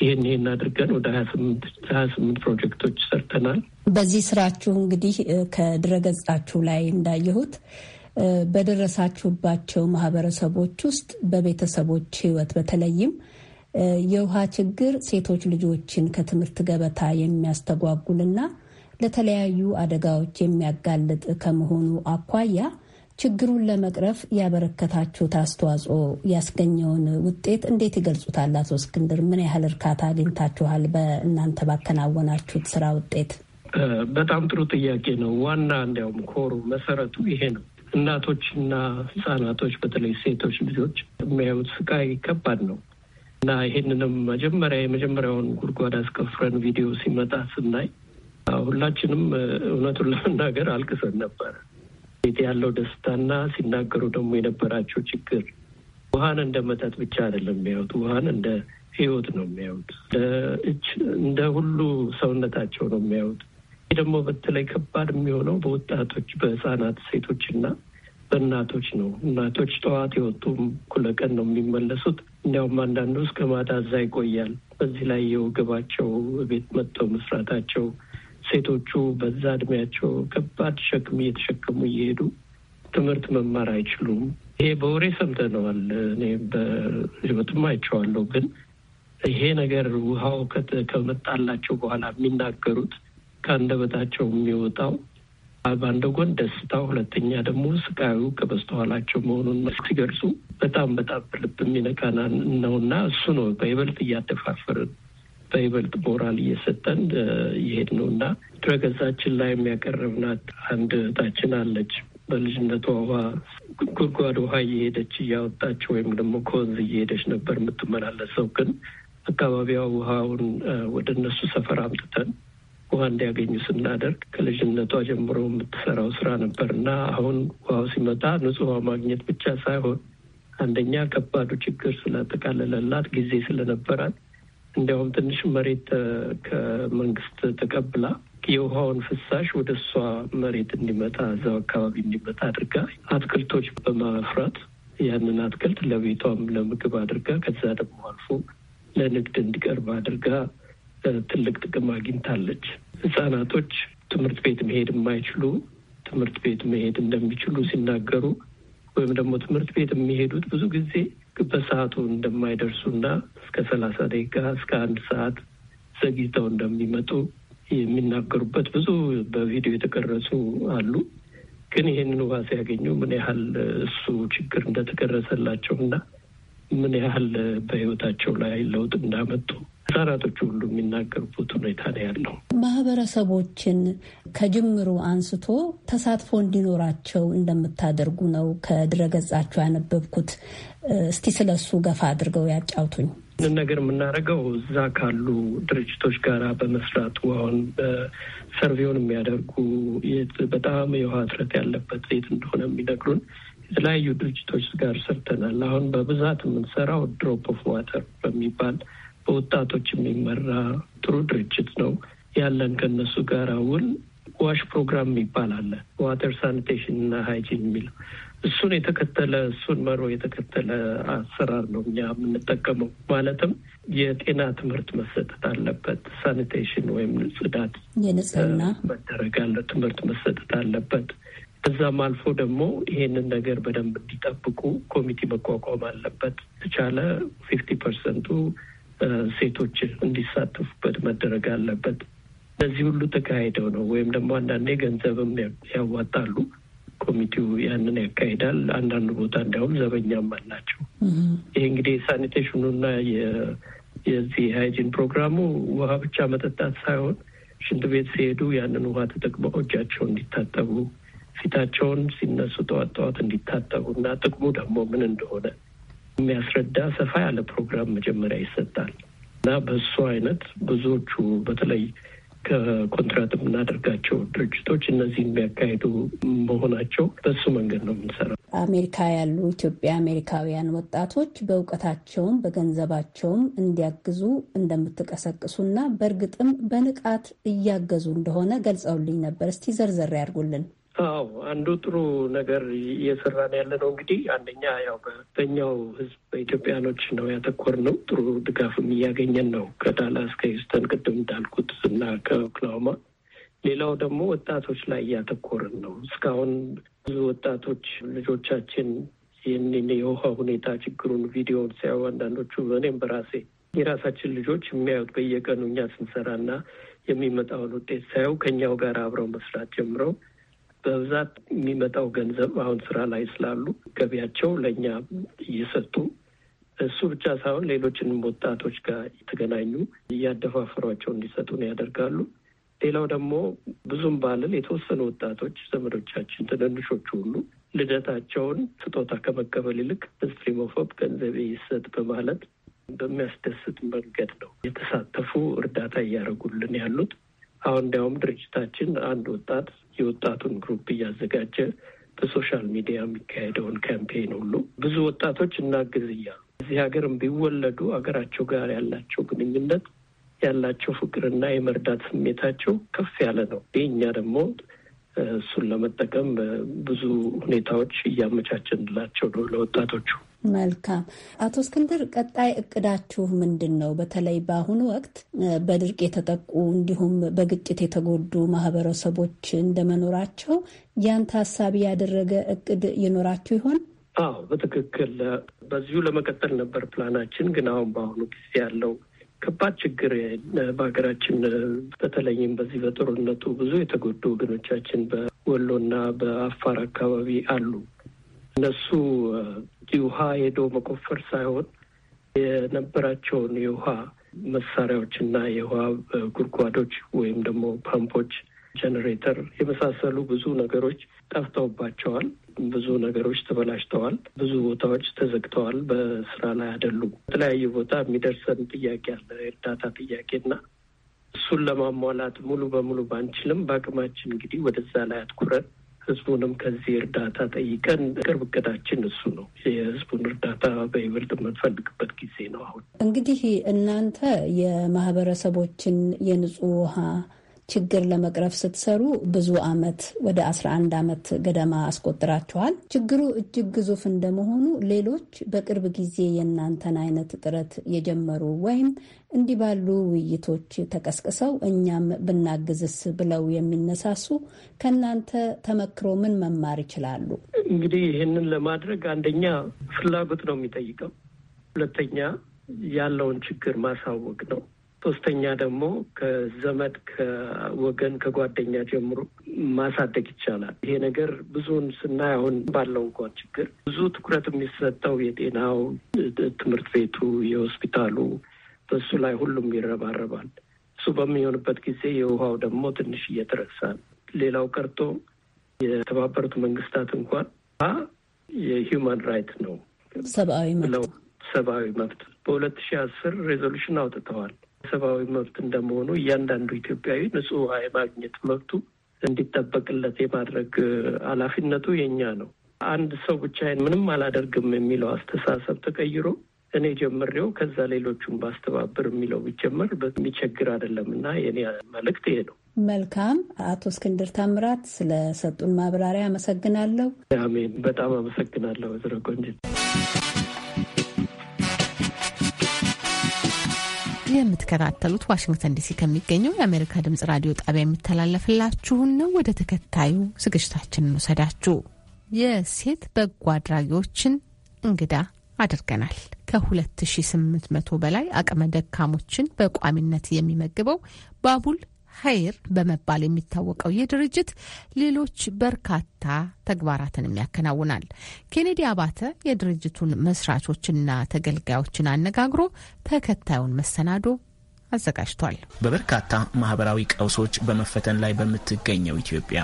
ይህን ይህን አድርገን ወደ ሀያ ስምንት ሀያ ስምንት ፕሮጀክቶች ሰርተናል። በዚህ ስራችሁ እንግዲህ ከድረገጻችሁ ላይ እንዳየሁት በደረሳችሁባቸው ማህበረሰቦች ውስጥ በቤተሰቦች ህይወት በተለይም የውሃ ችግር ሴቶች ልጆችን ከትምህርት ገበታ የሚያስተጓጉልና ለተለያዩ አደጋዎች የሚያጋልጥ ከመሆኑ አኳያ ችግሩን ለመቅረፍ ያበረከታችሁት አስተዋጽኦ ያስገኘውን ውጤት እንዴት ይገልጹታል? አቶ እስክንድር ምን ያህል እርካታ አግኝታችኋል? በእናንተ ባከናወናችሁት ስራ ውጤት። በጣም ጥሩ ጥያቄ ነው። ዋና እንዲያውም ኮሩ መሰረቱ ይሄ ነው። እናቶችና ህጻናቶች በተለይ ሴቶች ልጆች የሚያዩት ስቃይ ከባድ ነው እና ይሄንንም መጀመሪያ የመጀመሪያውን ጉድጓድ አስከፍረን ቪዲዮ ሲመጣ ስናይ ሁላችንም እውነቱን ለመናገር አልቅሰን ነበረ። ያለው ደስታና ሲናገሩ ደግሞ የነበራቸው ችግር ውሃን እንደ መጠጥ ብቻ አይደለም የሚያዩት። ውሃን እንደ ህይወት ነው የሚያዩት። እጅ እንደ ሁሉ ሰውነታቸው ነው የሚያዩት። ይህ ደግሞ በተለይ ከባድ የሚሆነው በወጣቶች በህፃናት ሴቶችና በእናቶች ነው። እናቶች ጠዋት የወጡም ኩለቀን ነው የሚመለሱት። እንዲያውም አንዳንዱ እስከ ማታ እዛ ይቆያል። በዚህ ላይ የወገባቸው ቤት መጥተው መስራታቸው ሴቶቹ በዛ እድሜያቸው ከባድ ሸክም እየተሸከሙ እየሄዱ ትምህርት መማር አይችሉም። ይሄ በወሬ ሰምተነዋል። እኔ በህይወትም አይቼዋለሁ። ግን ይሄ ነገር ውሃው ከመጣላቸው በኋላ የሚናገሩት ከአንደበታቸው የሚወጣው በአንድ ጎን ደስታ፣ ሁለተኛ ደግሞ ስቃዩ ከበስተኋላቸው መሆኑን ሲገልጹ በጣም በጣም ልብ የሚነካና ነውና እሱ ነው በይበልጥ እያደፋፈርን በይበልጥ ሞራል እየሰጠን እየሄድ ነው እና ድረገጻችን ላይ የሚያቀረብናት አንድ እህታችን አለች። በልጅነቷ ውሃ ጉድጓድ ውሃ እየሄደች እያወጣች ወይም ደግሞ ከወንዝ እየሄደች ነበር የምትመላለሰው። ግን አካባቢዋ ውሃውን ወደ እነሱ ሰፈር አምጥተን ውሃ እንዲያገኙ ስናደርግ ከልጅነቷ ጀምሮ የምትሰራው ስራ ነበር እና አሁን ውሃው ሲመጣ ንጹህ ውሃ ማግኘት ብቻ ሳይሆን አንደኛ ከባዱ ችግር ስለተቃለለላት ጊዜ ስለነበራት እንዲያውም ትንሽ መሬት ከመንግስት ተቀብላ የውሃውን ፍሳሽ ወደ እሷ መሬት እንዲመጣ እዛው አካባቢ እንዲመጣ አድርጋ አትክልቶች በማፍራት ያንን አትክልት ለቤቷም ለምግብ አድርጋ ከዛ ደግሞ አልፎ ለንግድ እንዲቀርብ አድርጋ ትልቅ ጥቅም አግኝታለች። ህጻናቶች ትምህርት ቤት መሄድ የማይችሉ ትምህርት ቤት መሄድ እንደሚችሉ ሲናገሩ ወይም ደግሞ ትምህርት ቤት የሚሄዱት ብዙ ጊዜ በሰዓቱ እንደማይደርሱና እስከ ሰላሳ ደቂቃ እስከ አንድ ሰዓት ዘግይተው እንደሚመጡ የሚናገሩበት ብዙ በቪዲዮ የተቀረጹ አሉ። ግን ይህንን ውሃ ሲያገኙ ምን ያህል እሱ ችግር እንደተቀረሰላቸው እና ምን ያህል በህይወታቸው ላይ ለውጥ እንዳመጡ ህጻናቶቹ ሁሉ የሚናገሩበት ሁኔታ ነው ያለው። ማህበረሰቦችን ከጅምሩ አንስቶ ተሳትፎ እንዲኖራቸው እንደምታደርጉ ነው ከድረገጻቸው ያነበብኩት። እስቲ ስለሱ ገፋ አድርገው ያጫውቱኝ። ይህንን ነገር የምናደርገው እዛ ካሉ ድርጅቶች ጋር በመስራት አሁን በሰርቬውን የሚያደርጉ በጣም የውሃ እጥረት ያለበት የት እንደሆነ የሚነግሩን የተለያዩ ድርጅቶች ጋር ሰርተናል። አሁን በብዛት የምንሰራው ድሮፕ ኦፍ ዋተር በሚባል በወጣቶች የሚመራ ጥሩ ድርጅት ነው ያለን። ከነሱ ጋር አሁን ዋሽ ፕሮግራም የሚባል አለ። ዋተር ሳኒቴሽን እና ሃይጂን የሚለው እሱን የተከተለ እሱን መሮ የተከተለ አሰራር ነው እኛ የምንጠቀመው። ማለትም የጤና ትምህርት መሰጠት አለበት። ሳኒቴሽን ወይም ጽዳት የንጽህና መደረግ ያለ ትምህርት መሰጠት አለበት። ከዛም አልፎ ደግሞ ይሄንን ነገር በደንብ እንዲጠብቁ ኮሚቴ መቋቋም አለበት። ተቻለ ፊፍቲ ፐርሰንቱ ሴቶች እንዲሳተፉበት መደረግ አለበት። እነዚህ ሁሉ ተካሄደው ነው ወይም ደግሞ አንዳንዴ ገንዘብም ያዋጣሉ። ኮሚቴው ያንን ያካሂዳል። አንዳንድ ቦታ እንዲያውም ዘበኛም አላቸው። ይሄ እንግዲህ የሳኒቴሽኑና የዚህ ሃይጂን ፕሮግራሙ ውሃ ብቻ መጠጣት ሳይሆን ሽንት ቤት ሲሄዱ ያንን ውሃ ተጠቅመው እጃቸውን እንዲታጠቡ፣ ፊታቸውን ሲነሱ ጠዋት ጠዋት እንዲታጠቡ እና ጥቅሙ ደግሞ ምን እንደሆነ የሚያስረዳ ሰፋ ያለ ፕሮግራም መጀመሪያ ይሰጣል እና በሱ አይነት ብዙዎቹ በተለይ ከኮንትራት የምናደርጋቸው ድርጅቶች እነዚህ የሚያካሂዱ መሆናቸው በሱ መንገድ ነው የምንሰራው። አሜሪካ ያሉ ኢትዮጵያ አሜሪካውያን ወጣቶች በእውቀታቸውም በገንዘባቸውም እንዲያግዙ እንደምትቀሰቅሱና በእርግጥም በንቃት እያገዙ እንደሆነ ገልጸውልኝ ነበር። እስቲ ዘርዘር ያድርጉልን። አዎ አንዱ ጥሩ ነገር እየሰራን ያለ ነው። እንግዲህ አንደኛ ያው በኛው ህዝብ በኢትዮጵያኖች ነው ያተኮር ነው። ጥሩ ድጋፍም እያገኘን ነው ከዳላስ ከሂውስተን፣ ቅድም እንዳልኩት እና ከኦክላሆማ። ሌላው ደግሞ ወጣቶች ላይ እያተኮርን ነው። እስካሁን ብዙ ወጣቶች ልጆቻችን ይህንን የውሃ ሁኔታ ችግሩን ቪዲዮን ሲያዩ አንዳንዶቹ እኔም በራሴ የራሳችን ልጆች የሚያዩት በየቀኑ እኛ ስንሰራና የሚመጣውን ውጤት ሳየው ከኛው ጋር አብረው መስራት ጀምረው በብዛት የሚመጣው ገንዘብ አሁን ስራ ላይ ስላሉ ገቢያቸው ለእኛ እየሰጡ እሱ ብቻ ሳይሆን ሌሎችንም ወጣቶች ጋር የተገናኙ እያደፋፈሯቸው እንዲሰጡን ያደርጋሉ። ሌላው ደግሞ ብዙም ባልል የተወሰኑ ወጣቶች ዘመዶቻችን ትንንሾቹ ሁሉ ልደታቸውን ስጦታ ከመቀበል ይልቅ ስትሪሞፎብ ገንዘብ ይሰጥ በማለት በሚያስደስት መንገድ ነው የተሳተፉ እርዳታ እያደረጉልን ያሉት። አሁን እንዲያውም ድርጅታችን አንድ ወጣት የወጣቱን ግሩፕ እያዘጋጀ በሶሻል ሚዲያ የሚካሄደውን ካምፔን ሁሉ ብዙ ወጣቶች እናግዝ እያሉ እዚህ ሀገር ቢወለዱ ሀገራቸው ጋር ያላቸው ግንኙነት ያላቸው ፍቅርና የመርዳት ስሜታቸው ከፍ ያለ ነው። ይህኛ ደግሞ እሱን ለመጠቀም ብዙ ሁኔታዎች እያመቻቸንላቸው ነው ለወጣቶቹ። መልካም አቶ እስክንድር፣ ቀጣይ እቅዳችሁ ምንድን ነው? በተለይ በአሁኑ ወቅት በድርቅ የተጠቁ እንዲሁም በግጭት የተጎዱ ማህበረሰቦች እንደመኖራቸው ያን ታሳቢ ያደረገ እቅድ ይኖራችሁ ይሆን? አዎ፣ በትክክል በዚሁ ለመቀጠል ነበር ፕላናችን። ግን አሁን በአሁኑ ጊዜ ያለው ከባድ ችግር በሀገራችን በተለይም በዚህ በጦርነቱ ብዙ የተጎዱ ወገኖቻችን በወሎና በአፋር አካባቢ አሉ። እነሱ ውሃ ሄዶ መቆፈር ሳይሆን የነበራቸውን የውሃ መሳሪያዎች እና የውሃ ጉድጓዶች ወይም ደግሞ ፓምፖች፣ ጀኔሬተር የመሳሰሉ ብዙ ነገሮች ጠፍተውባቸዋል። ብዙ ነገሮች ተበላሽተዋል። ብዙ ቦታዎች ተዘግተዋል፣ በስራ ላይ አይደሉም። የተለያዩ ቦታ የሚደርሰን ጥያቄ አለ፣ ጥያቄ ጥያቄና እሱን ለማሟላት ሙሉ በሙሉ ባንችልም በአቅማችን እንግዲህ ወደዛ ላይ አትኩረን ህዝቡንም ከዚህ እርዳታ ጠይቀን ቅርብ እቅዳችን እሱ ነው። የህዝቡን እርዳታ በይበልጥ የምንፈልግበት ጊዜ ነው አሁን። እንግዲህ እናንተ የማህበረሰቦችን የንጹህ ውሃ ችግር ለመቅረፍ ስትሰሩ ብዙ አመት ወደ 11 ዓመት ገደማ አስቆጥራችኋል። ችግሩ እጅግ ግዙፍ እንደመሆኑ ሌሎች በቅርብ ጊዜ የእናንተን አይነት ጥረት የጀመሩ ወይም እንዲህ ባሉ ውይይቶች ተቀስቅሰው እኛም ብናግዝስ ብለው የሚነሳሱ ከእናንተ ተመክሮ ምን መማር ይችላሉ? እንግዲህ ይህንን ለማድረግ አንደኛ ፍላጎት ነው የሚጠይቀው። ሁለተኛ ያለውን ችግር ማሳወቅ ነው። ሶስተኛ ደግሞ ከዘመድ ከወገን ከጓደኛ ጀምሮ ማሳደግ ይቻላል። ይሄ ነገር ብዙውን ስናይ አሁን ባለው እንኳን ችግር ብዙ ትኩረት የሚሰጠው የጤናው፣ ትምህርት ቤቱ፣ የሆስፒታሉ በሱ ላይ ሁሉም ይረባረባል። እሱ በሚሆንበት ጊዜ የውሃው ደግሞ ትንሽ እየተረሳ ነው። ሌላው ቀርቶ የተባበሩት መንግስታት እንኳን የሂውማን ራይት ነው ሰብአዊ መብት ሰብአዊ መብት በሁለት ሺህ አስር ሬዞሉሽን አውጥተዋል። ሰብአዊ መብት እንደመሆኑ እያንዳንዱ ኢትዮጵያዊ ንጹህ የማግኘት መብቱ እንዲጠበቅለት የማድረግ ኃላፊነቱ የኛ ነው። አንድ ሰው ብቻዬን ምንም አላደርግም የሚለው አስተሳሰብ ተቀይሮ እኔ ጀምሬው ከዛ ሌሎቹን ባስተባብር የሚለው ቢጀመር በሚቸግር አይደለም እና የኔ መልእክት ይሄ ነው። መልካም አቶ እስክንድር ታምራት ስለሰጡን ማብራሪያ አመሰግናለሁ። አሜን። በጣም አመሰግናለሁ ዝረ ቆንጅት የምትከታተሉት ዋሽንግተን ዲሲ ከሚገኘው የአሜሪካ ድምጽ ራዲዮ ጣቢያ የሚተላለፍላችሁን ነው። ወደ ተከታዩ ዝግጅታችን እንውሰዳችሁ። የሴት በጎ አድራጊዎችን እንግዳ አድርገናል። ከ2800 በላይ አቅመ ደካሞችን በቋሚነት የሚመግበው ባቡል ኸይር በመባል የሚታወቀው ይህ ድርጅት ሌሎች በርካታ ተግባራትንም ያከናውናል። ኬኔዲ አባተ የድርጅቱን መስራቾችና ተገልጋዮችን አነጋግሮ ተከታዩን መሰናዶ አዘጋጅቷል። በበርካታ ማህበራዊ ቀውሶች በመፈተን ላይ በምትገኘው ኢትዮጵያ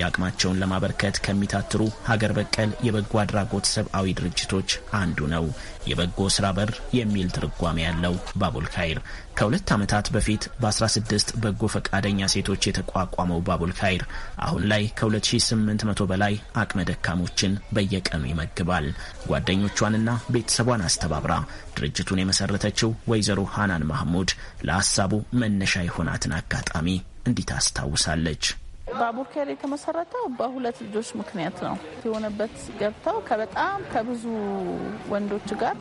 የአቅማቸውን ለማበርከት ከሚታትሩ ሀገር በቀል የበጎ አድራጎት ሰብአዊ ድርጅቶች አንዱ ነው። የበጎ ስራ በር የሚል ትርጓሜ ያለው ባቡል ካይር ከሁለት ዓመታት በፊት በ16 በጎ ፈቃደኛ ሴቶች የተቋቋመው ባቡል ካይር አሁን ላይ ከ2800 በላይ አቅመ ደካሞችን በየቀኑ ይመግባል። ጓደኞቿንና ቤተሰቧን አስተባብራ ድርጅቱን የመሰረተችው ወይዘሮ ሃናን ማህሙድ ለሀሳቡ መነሻ የሆናትን አጋጣሚ እንዲህ ታስታውሳለች። ባቡር ኬር የተመሰረተው በሁለት ልጆች ምክንያት ነው። የሆነበት ገብተው ከበጣም ከብዙ ወንዶች ጋር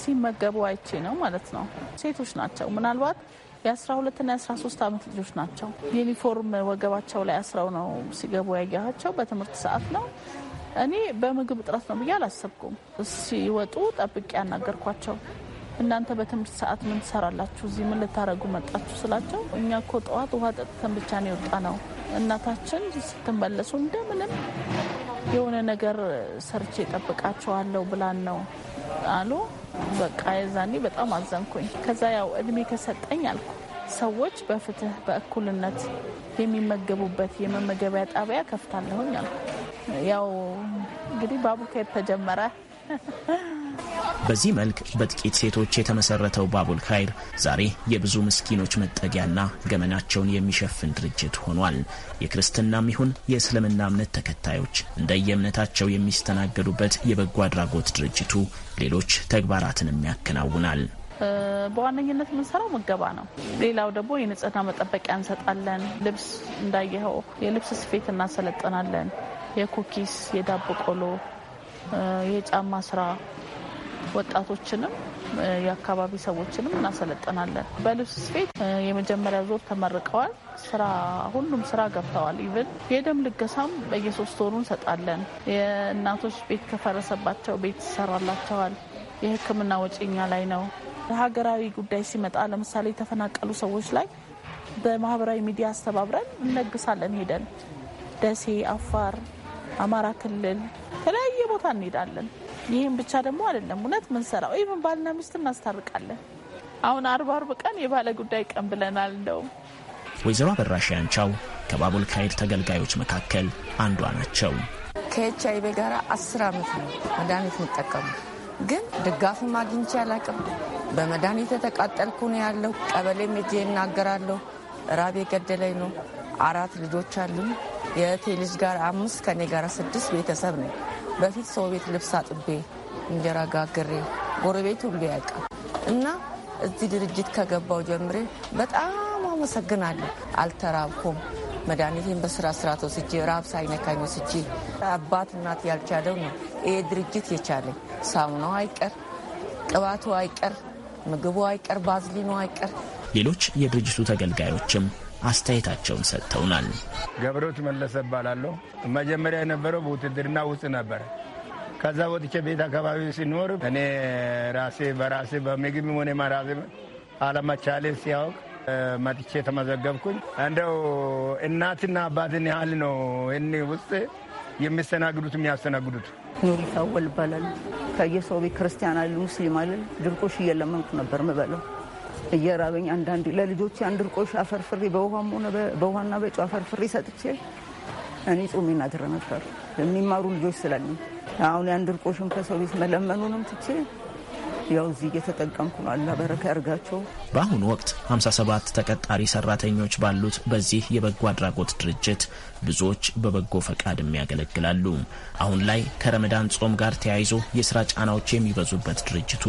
ሲመገቡ አይቼ ነው ማለት ነው። ሴቶች ናቸው ምናልባት የ12ና የ13 ዓመት ልጆች ናቸው። ዩኒፎርም ወገባቸው ላይ አስረው ነው ሲገቡ ያየኋቸው። በትምህርት ሰዓት ነው። እኔ በምግብ እጥረት ነው ብዬ አላሰብኩም። ሲወጡ ጠብቄ ያናገርኳቸው እናንተ በትምህርት ሰዓት ምን ትሰራላችሁ? እዚህ ምን ልታደረጉ መጣችሁ ስላቸው እኛ ኮ ጠዋት ውሃ ጠጥተን ብቻ ነው የወጣ ነው እናታችን ስትመለሱ እንደምንም የሆነ ነገር ሰርቼ ጠብቃቸዋለሁ ብላን ነው አሉ። በቃ የዛኔ በጣም አዘንኩኝ። ከዛ ያው እድሜ ከሰጠኝ አልኩ ሰዎች በፍትህ በእኩልነት የሚመገቡበት የመመገቢያ ጣቢያ ከፍታለሁኝ አልኩ። ያው እንግዲህ ባቡካየት ተጀመረ። በዚህ መልክ በጥቂት ሴቶች የተመሰረተው ባቡል ኸይር ዛሬ የብዙ ምስኪኖች መጠጊያና ገመናቸውን የሚሸፍን ድርጅት ሆኗል። የክርስትናም ይሁን የእስልምና እምነት ተከታዮች እንደየእምነታቸው የሚስተናገዱበት የበጎ አድራጎት ድርጅቱ ሌሎች ተግባራትንም ያከናውናል። በዋነኝነት የምንሰራው ምገባ ነው። ሌላው ደግሞ የንጽህና መጠበቂያ እንሰጣለን። ልብስ እንዳየኸው የልብስ ስፌት እናሰለጠናለን። የኩኪስ፣ የዳቦ ቆሎ፣ የጫማ ስራ ወጣቶችንም የአካባቢ ሰዎችንም እናሰለጥናለን። በልብስ ስፌት የመጀመሪያ ዙር ተመርቀዋል። ስራ ሁሉም ስራ ገብተዋል። ኢቭን የደም ልገሳም በየሶስት ወሩ እንሰጣለን። የእናቶች ቤት ከፈረሰባቸው ቤት ይሰራላቸዋል። የሕክምና ወጪኛ ላይ ነው። ሀገራዊ ጉዳይ ሲመጣ ለምሳሌ የተፈናቀሉ ሰዎች ላይ በማህበራዊ ሚዲያ አስተባብረን እንለግሳለን። ሄደን ደሴ፣ አፋር፣ አማራ ክልል የተለያየ ቦታ እንሄዳለን። ይህም ብቻ ደግሞ አይደለም። እውነት ምንሰራው ሰራው ባልና ሚስት እናስታርቃለን። አሁን አርብ አርብ ቀን የባለ ጉዳይ ቀን ብለናል። እንደውም ወይዘሮ አበራሽ ያንቻው ከባቡል ካሄድ ተገልጋዮች መካከል አንዷ ናቸው። ከኤች አይ ቪ ጋር አስር ዓመት ነው መድኃኒት የሚጠቀሙ ግን ድጋፍም አግኝቼ አላቅም። በመድኃኒት የተቃጠልኩ ነው ያለው። ቀበሌ ሄጄ እናገራለሁ። ራብ የገደለኝ ነው። አራት ልጆች አሉ። የእህቴ ልጅ ጋር አምስት፣ ከኔ ጋር ስድስት ቤተሰብ ነው በፊት ሰው ቤት ልብስ አጥቤ እንጀራ ጋግሬ ጎረቤት ሁሉ ያውቃል እና እዚህ ድርጅት ከገባው ጀምሬ በጣም አመሰግናለሁ። አልተራብኩም። መድኃኒቴን በስራ ስራ ተወስጄ ረሀብ ሳይነካኝ ወስጄ አባት እናት ያልቻለው ነው ይሄ ድርጅት የቻለኝ። ሳሙናው አይቀር፣ ቅባቱ አይቀር፣ ምግቡ አይቀር፣ ባዝሊኑ አይቀር። ሌሎች የድርጅቱ ተገልጋዮችም አስተያየታቸውን ሰጥተውናል። ገብሮት መለሰ እባላለሁ። መጀመሪያ የነበረው በውትድርና ውስጥ ነበረ። ከዛ ወጥቼ ቤት አካባቢ ሲኖር እኔ ራሴ በራሴ በምግብ ሆነ ማራሴ አለመቻሌ ሲያውቅ መጥቼ ተመዘገብኩኝ። እንደው እናትና አባትን ያህል ነው እኔ ውስጥ የሚስተናግዱት የሚያስተናግዱት። ኑሪ ታወል ይባላል። ከየሰው ቤት ክርስቲያን አለ ሙስሊም አለ ድርቆሽ እየለመንኩ ነበር ምበለው እየራበኝ አንዳንዴ ለልጆች አንድ ርቆሽ አፈርፍሬ በውሃም ሆነ በውሃና በጨው አፈርፍሬ ሰጥቼ እኔ ጾሜን አድረ ነበር የሚማሩ ልጆች ስላለኝ አሁን የአንድ እርቆሽን ከሰው ቤት መለመኑንም ትቼ ያው እዚህ እየተጠቀምኩ ነው። አላበረከ ያርጋቸው። በአሁኑ ወቅት 57 ተቀጣሪ ሰራተኞች ባሉት በዚህ የበጎ አድራጎት ድርጅት ብዙዎች በበጎ ፈቃድም ያገለግላሉ። አሁን ላይ ከረመዳን ጾም ጋር ተያይዞ የስራ ጫናዎች የሚበዙበት ድርጅቱ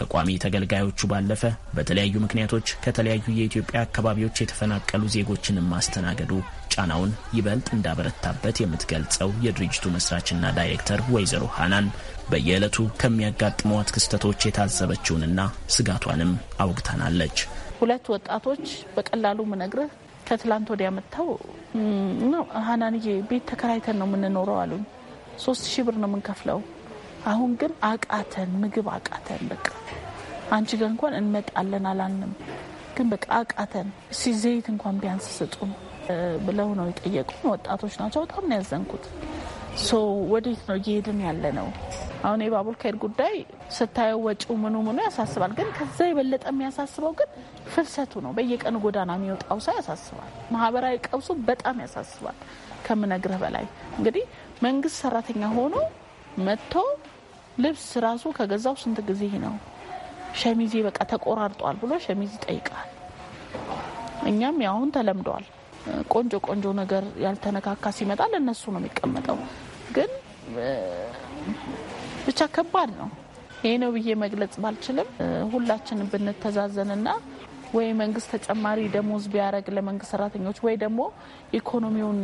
ከቋሚ ተገልጋዮቹ ባለፈ በተለያዩ ምክንያቶች ከተለያዩ የኢትዮጵያ አካባቢዎች የተፈናቀሉ ዜጎችንም ማስተናገዱ ጫናውን ይበልጥ እንዳበረታበት የምትገልጸው የድርጅቱ መስራችና ዳይሬክተር ወይዘሮ ሃናን በየዕለቱ ከሚያጋጥመዋት ክስተቶች የታዘበችውንና ስጋቷንም አውግታናለች። ሁለት ወጣቶች በቀላሉ ምነግርህ ከትላንት ወዲያ መጥተው ሀናንዬ ቤት ተከራይተን ነው የምንኖረው አሉኝ። ሶስት ሺህ ብር ነው የምንከፍለው። አሁን ግን አቃተን፣ ምግብ አቃተን። በቃ አንቺ ጋር እንኳን እንመጣለን አላንም፣ ግን በቃ አቃተን። እስኪ ዘይት እንኳን ቢያንስ ስጡ ብለው ነው የጠየቁን። ወጣቶች ናቸው። በጣም ነው ያዘንኩት። ወዴት ነው እየሄድን ያለ ነው? አሁን የባቡር ከሄድ ጉዳይ ስታየው ወጪው ምኑ ምኑ ያሳስባል። ግን ከዛ የበለጠ የሚያሳስበው ግን ፍልሰቱ ነው። በየቀኑ ጎዳና የሚወጣው ሰው ያሳስባል። ማህበራዊ ቀውሱ በጣም ያሳስባል ከምነግርህ በላይ። እንግዲህ መንግስት ሰራተኛ ሆኖ መጥቶ ልብስ ራሱ ከገዛው ስንት ጊዜ ነው ሸሚዜ በቃ ተቆራርጧል ብሎ ሸሚዝ ይጠይቃል። እኛም ያሁን ተለምደዋል። ቆንጆ ቆንጆ ነገር ያልተነካካ ሲመጣ ለእነሱ ነው የሚቀመጠው። ግን ብቻ ከባድ ነው። ይህ ነው ብዬ መግለጽ ባልችልም ሁላችንም ብንተዛዘንና ወይ መንግስት ተጨማሪ ደሞዝ ቢያደርግ ለመንግስት ሰራተኞች ወይ ደግሞ ኢኮኖሚውን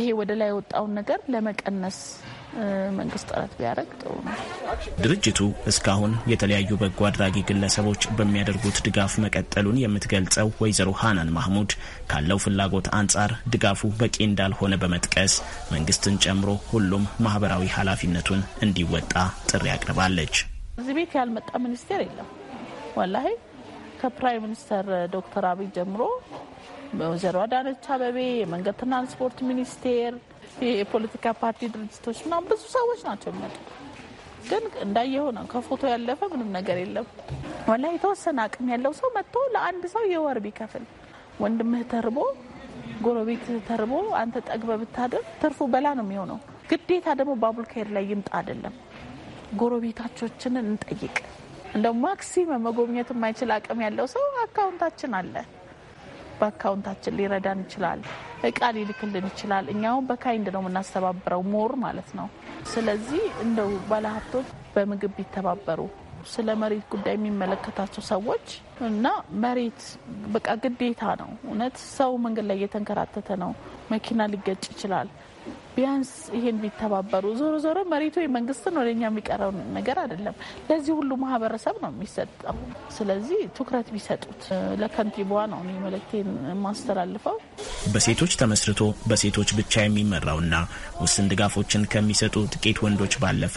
ይሄ ወደ ላይ የወጣውን ነገር ለመቀነስ መንግስት ጥረት ቢያደርግ ጥሩ ነው። ድርጅቱ እስካሁን የተለያዩ በጎ አድራጊ ግለሰቦች በሚያደርጉት ድጋፍ መቀጠሉን የምትገልጸው ወይዘሮ ሃናን ማህሙድ ካለው ፍላጎት አንጻር ድጋፉ በቂ እንዳልሆነ በመጥቀስ መንግስትን ጨምሮ ሁሉም ማህበራዊ ኃላፊነቱን እንዲወጣ ጥሪ አቅርባለች። እዚህ ቤት ያልመጣ ሚኒስቴር የለም። ወላሂ ከፕራይም ሚኒስተር ዶክተር አብይ ጀምሮ ወይዘሮ አዳነች አበቤ፣ የመንገድ ትራንስፖርት ሚኒስቴር፣ የፖለቲካ ፓርቲ ድርጅቶች እና ብዙ ሰዎች ናቸው የሚመጡ። ግን እንዳየው ነው። ከፎቶ ያለፈ ምንም ነገር የለም። ወላ የተወሰነ አቅም ያለው ሰው መጥቶ ለአንድ ሰው የወር ቢከፍል ወንድምህ ተርቦ ጎረቤት ተርቦ አንተ ጠግበ ብታደር ትርፉ በላ ነው የሚሆነው። ግዴታ ደግሞ ባቡል ከሄድ ላይ ይምጣ አይደለም። ጎረቤታቾችንን እንጠይቅ። እንደ ማክሲመም መጎብኘት የማይችል አቅም ያለው ሰው አካውንታችን አለ በአካውንታችን ሊረዳን ይችላል፣ እቃ ሊልክልን ይችላል። እኛውም በካይንድ ነው የምናስተባብረው ሞር ማለት ነው። ስለዚህ እንደው ባለሀብቶች በምግብ ቢተባበሩ ስለ መሬት ጉዳይ የሚመለከታቸው ሰዎች እና መሬት በቃ ግዴታ ነው። እውነት ሰው መንገድ ላይ እየተንከራተተ ነው። መኪና ሊገጭ ይችላል። ቢያንስ ይሄን ቢተባበሩ። ዞሮ ዞሮ መሬቱ የመንግስትን ወደኛ የሚቀረው ነገር አይደለም፣ ለዚህ ሁሉ ማህበረሰብ ነው የሚሰጠው። ስለዚህ ትኩረት ቢሰጡት። ለከንቲባዋ ነው እኔ መልእክቴን የማስተላልፈው። በሴቶች ተመስርቶ በሴቶች ብቻ የሚመራውና ውስን ድጋፎችን ከሚሰጡ ጥቂት ወንዶች ባለፈ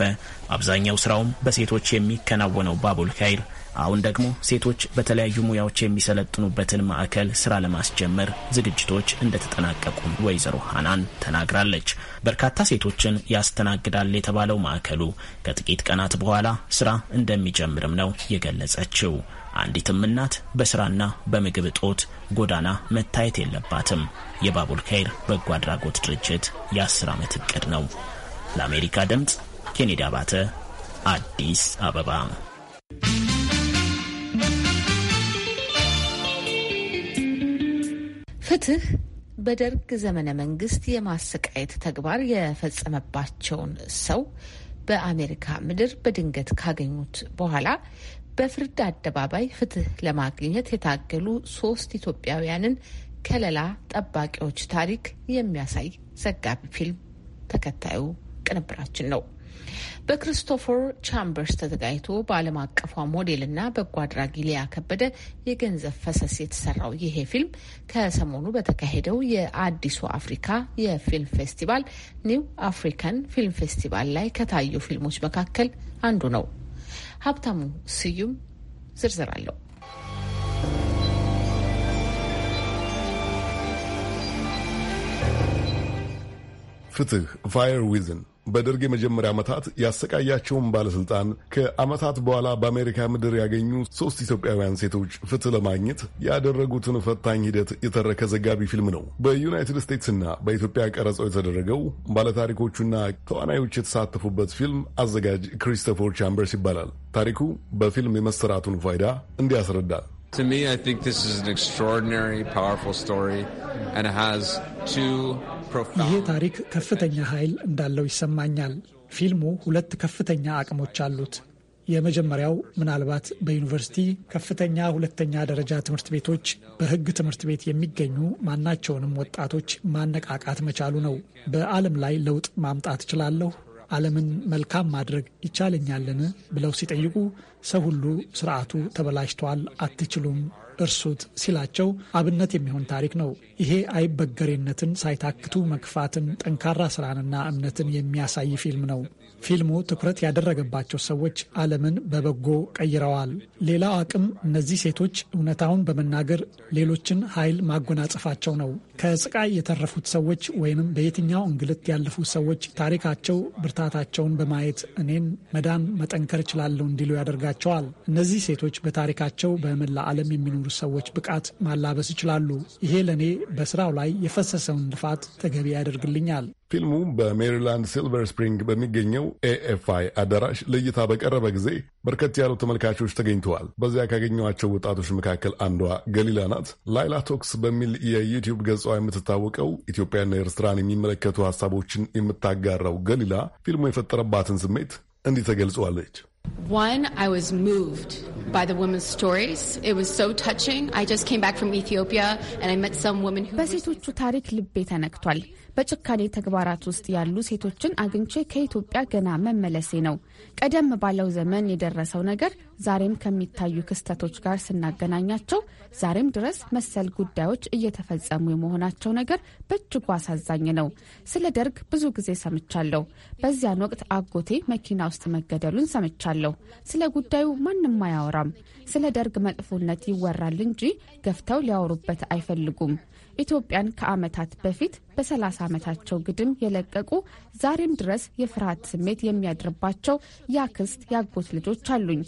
አብዛኛው ስራውም በሴቶች የሚከናወነው ባቡል ኸይር አሁን ደግሞ ሴቶች በተለያዩ ሙያዎች የሚሰለጥኑበትን ማዕከል ስራ ለማስጀመር ዝግጅቶች እንደተጠናቀቁም ወይዘሮ ሀናን ተናግራለች። በርካታ ሴቶችን ያስተናግዳል የተባለው ማዕከሉ ከጥቂት ቀናት በኋላ ስራ እንደሚጀምርም ነው የገለጸችው። አንዲትም እናት በስራና በምግብ እጦት ጎዳና መታየት የለባትም። የባቡል ካይር በጎ አድራጎት ድርጅት የአስር ዓመት እቅድ ነው። ለአሜሪካ ድምፅ ኬኔዲ አባተ አዲስ አበባ ፍትህ በደርግ ዘመነ መንግስት የማሰቃየት ተግባር የፈጸመባቸውን ሰው በአሜሪካ ምድር በድንገት ካገኙት በኋላ በፍርድ አደባባይ ፍትህ ለማግኘት የታገሉ ሶስት ኢትዮጵያውያንን ከለላ ጠባቂዎች ታሪክ የሚያሳይ ዘጋቢ ፊልም ተከታዩ ቅንብራችን ነው። በክሪስቶፈር ቻምበርስ ተዘጋጅቶ በዓለም አቀፏ ሞዴልና በጎ አድራጊ ሊያ ከበደ የገንዘብ ፈሰስ የተሰራው ይሄ ፊልም ከሰሞኑ በተካሄደው የአዲሱ አፍሪካ የፊልም ፌስቲቫል ኒው አፍሪካን ፊልም ፌስቲቫል ላይ ከታዩ ፊልሞች መካከል አንዱ ነው። ሀብታሙ ስዩም ዝርዝር አለው። ፍትህ ፋየር ዊዝን በደርግ የመጀመሪያ ዓመታት ያሰቃያቸውን ባለሥልጣን ከዓመታት በኋላ በአሜሪካ ምድር ያገኙ ሦስት ኢትዮጵያውያን ሴቶች ፍትህ ለማግኘት ያደረጉትን ፈታኝ ሂደት የተረከ ዘጋቢ ፊልም ነው። በዩናይትድ ስቴትስና በኢትዮጵያ ቀረጸው የተደረገው ባለታሪኮቹና ተዋናዮች የተሳተፉበት ፊልም አዘጋጅ ክሪስቶፈር ቻምበርስ ይባላል። ታሪኩ በፊልም የመሰራቱን ፋይዳ እንዲያስረዳል። To me, I think this is an extraordinary, powerful story, and it has two ይሄ ታሪክ ከፍተኛ ኃይል እንዳለው ይሰማኛል። ፊልሙ ሁለት ከፍተኛ አቅሞች አሉት። የመጀመሪያው ምናልባት በዩኒቨርሲቲ ከፍተኛ ሁለተኛ ደረጃ ትምህርት ቤቶች በሕግ ትምህርት ቤት የሚገኙ ማናቸውንም ወጣቶች ማነቃቃት መቻሉ ነው። በዓለም ላይ ለውጥ ማምጣት እችላለሁ፣ ዓለምን መልካም ማድረግ ይቻለኛልን ብለው ሲጠይቁ ሰው ሁሉ ስርዓቱ ተበላሽቷል፣ አትችሉም እርሱት ሲላቸው አብነት የሚሆን ታሪክ ነው። ይሄ አይበገሬነትን፣ ሳይታክቱ መግፋትን፣ ጠንካራ ስራንና እምነትን የሚያሳይ ፊልም ነው። ፊልሙ ትኩረት ያደረገባቸው ሰዎች ዓለምን በበጎ ቀይረዋል። ሌላው አቅም እነዚህ ሴቶች እውነታውን በመናገር ሌሎችን ኃይል ማጎናጸፋቸው ነው። ከስቃይ የተረፉት ሰዎች ወይንም በየትኛው እንግልት ያለፉ ሰዎች ታሪካቸው ብርታታቸውን በማየት እኔን መዳን መጠንከር እችላለሁ እንዲሉ ያደርጋቸዋል። እነዚህ ሴቶች በታሪካቸው በመላ ዓለም የሚኖሩ ሰዎች ብቃት ማላበስ ይችላሉ። ይሄ ለእኔ በስራው ላይ የፈሰሰውን ልፋት ተገቢ ያደርግልኛል። ፊልሙ በሜሪላንድ ሲልቨር ስፕሪንግ በሚገኘው ኤኤፍአይ አዳራሽ ለእይታ በቀረበ ጊዜ በርከት ያሉ ተመልካቾች ተገኝተዋል። በዚያ ካገኘኋቸው ወጣቶች መካከል አንዷ ገሊላ ናት። ላይላ ቶክስ በሚል የዩቲዩብ ገጿ የምትታወቀው ኢትዮጵያና ኤርትራን የሚመለከቱ ሀሳቦችን የምታጋራው ገሊላ ፊልሙ የፈጠረባትን ስሜት እንዲህ ተገልጸዋለች። One, I was moved by the women's stories. It was so touching. I just came back from Ethiopia and I met some women who በሴቶቹ ታሪክ ልቤ ተነክቷል። በጭካኔ ተግባራት ውስጥ ያሉ ሴቶችን አግኝቼ ከኢትዮጵያ ገና መመለሴ ነው። ቀደም ባለው ዘመን የደረሰው ነገር ዛሬም ከሚታዩ ክስተቶች ጋር ስናገናኛቸው ዛሬም ድረስ መሰል ጉዳዮች እየተፈጸሙ የመሆናቸው ነገር በእጅጉ አሳዛኝ ነው። ስለ ደርግ ብዙ ጊዜ ሰምቻለሁ። በዚያን ወቅት አጎቴ መኪና ውስጥ መገደሉን ሰምቻለሁ። ስለ ጉዳዩ ማንም አያወራም። ስለ ደርግ መጥፎነት ይወራል እንጂ ገፍተው ሊያወሩበት አይፈልጉም። ኢትዮጵያን ከዓመታት በፊት በሰላሳ ዓመታቸው ግድም የለቀቁ ዛሬም ድረስ የፍርሃት ስሜት የሚያድርባቸው የአክስት የአጎት ልጆች አሉኝ።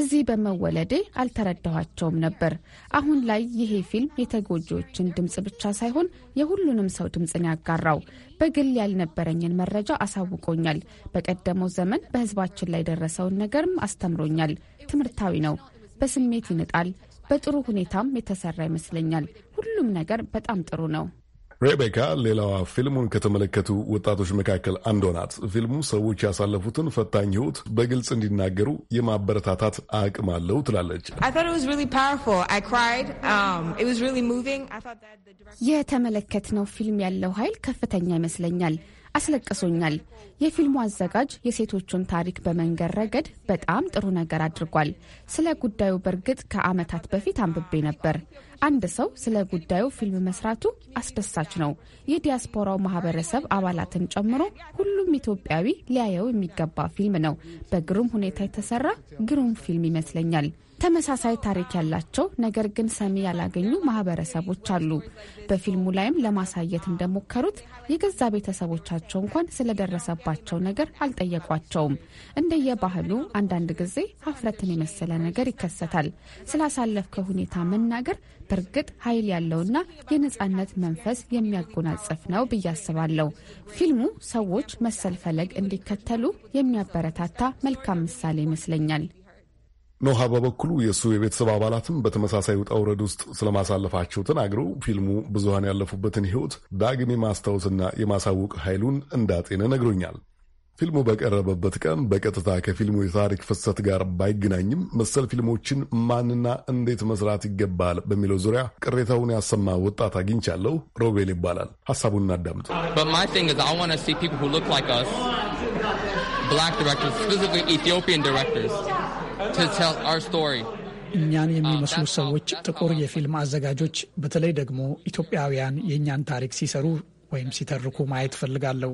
እዚህ በመወለዴ አልተረዳኋቸውም ነበር። አሁን ላይ ይሄ ፊልም የተጎጂዎችን ድምፅ ብቻ ሳይሆን የሁሉንም ሰው ድምፅን ያጋራው በግል ያልነበረኝን መረጃ አሳውቆኛል። በቀደመው ዘመን በህዝባችን ላይ ደረሰውን ነገርም አስተምሮኛል። ትምህርታዊ ነው። በስሜት ይንጣል። በጥሩ ሁኔታም የተሰራ ይመስለኛል። ሁሉም ነገር በጣም ጥሩ ነው። ሬቤካ ሌላዋ ፊልሙን ከተመለከቱ ወጣቶች መካከል አንዷ ናት። ፊልሙ ሰዎች ያሳለፉትን ፈታኝ ሕይወት በግልጽ እንዲናገሩ የማበረታታት አቅም አለው ትላለች። um, የተመለከትነው ፊልም ያለው ኃይል ከፍተኛ ይመስለኛል። አስለቅሶኛል። የፊልሙ አዘጋጅ የሴቶቹን ታሪክ በመንገድ ረገድ በጣም ጥሩ ነገር አድርጓል። ስለ ጉዳዩ በእርግጥ ከዓመታት በፊት አንብቤ ነበር። አንድ ሰው ስለ ጉዳዩ ፊልም መስራቱ አስደሳች ነው። የዲያስፖራው ማህበረሰብ አባላትን ጨምሮ ሁሉም ኢትዮጵያዊ ሊያየው የሚገባ ፊልም ነው። በግሩም ሁኔታ የተሰራ ግሩም ፊልም ይመስለኛል። ተመሳሳይ ታሪክ ያላቸው ነገር ግን ሰሚ ያላገኙ ማህበረሰቦች አሉ። በፊልሙ ላይም ለማሳየት እንደሞከሩት የገዛ ቤተሰቦቻቸው እንኳን ስለደረሰባቸው ነገር አልጠየቋቸውም። እንደየባህሉ አንዳንድ ጊዜ ሀፍረትን የመሰለ ነገር ይከሰታል። ስላሳለፍከ ሁኔታ መናገር በእርግጥ ኃይል ያለውና የነጻነት መንፈስ የሚያጎናጽፍ ነው ብዬ አስባለሁ። ፊልሙ ሰዎች መሰል ፈለግ እንዲከተሉ የሚያበረታታ መልካም ምሳሌ ይመስለኛል። ኖሃ በበኩሉ የእሱ የቤተሰብ አባላትም በተመሳሳይ ውጣ ውረድ ውስጥ ስለማሳለፋቸው ተናግረው ፊልሙ ብዙሀን ያለፉበትን ሕይወት ዳግም የማስታወስና የማሳወቅ ኃይሉን እንዳጤነ ነግሮኛል። ፊልሙ በቀረበበት ቀን በቀጥታ ከፊልሙ የታሪክ ፍሰት ጋር ባይገናኝም መሰል ፊልሞችን ማንና እንዴት መስራት ይገባል በሚለው ዙሪያ ቅሬታውን ያሰማ ወጣት አግኝቻለሁ። ሮቤል ይባላል። ሀሳቡን እናዳምጥ። እኛን uh, የሚመስሉ ሰዎች ጥቁር የፊልም አዘጋጆች፣ በተለይ ደግሞ ኢትዮጵያውያን የእኛን ታሪክ ሲሰሩ ወይም ሲተርኩ ማየት እፈልጋለሁ።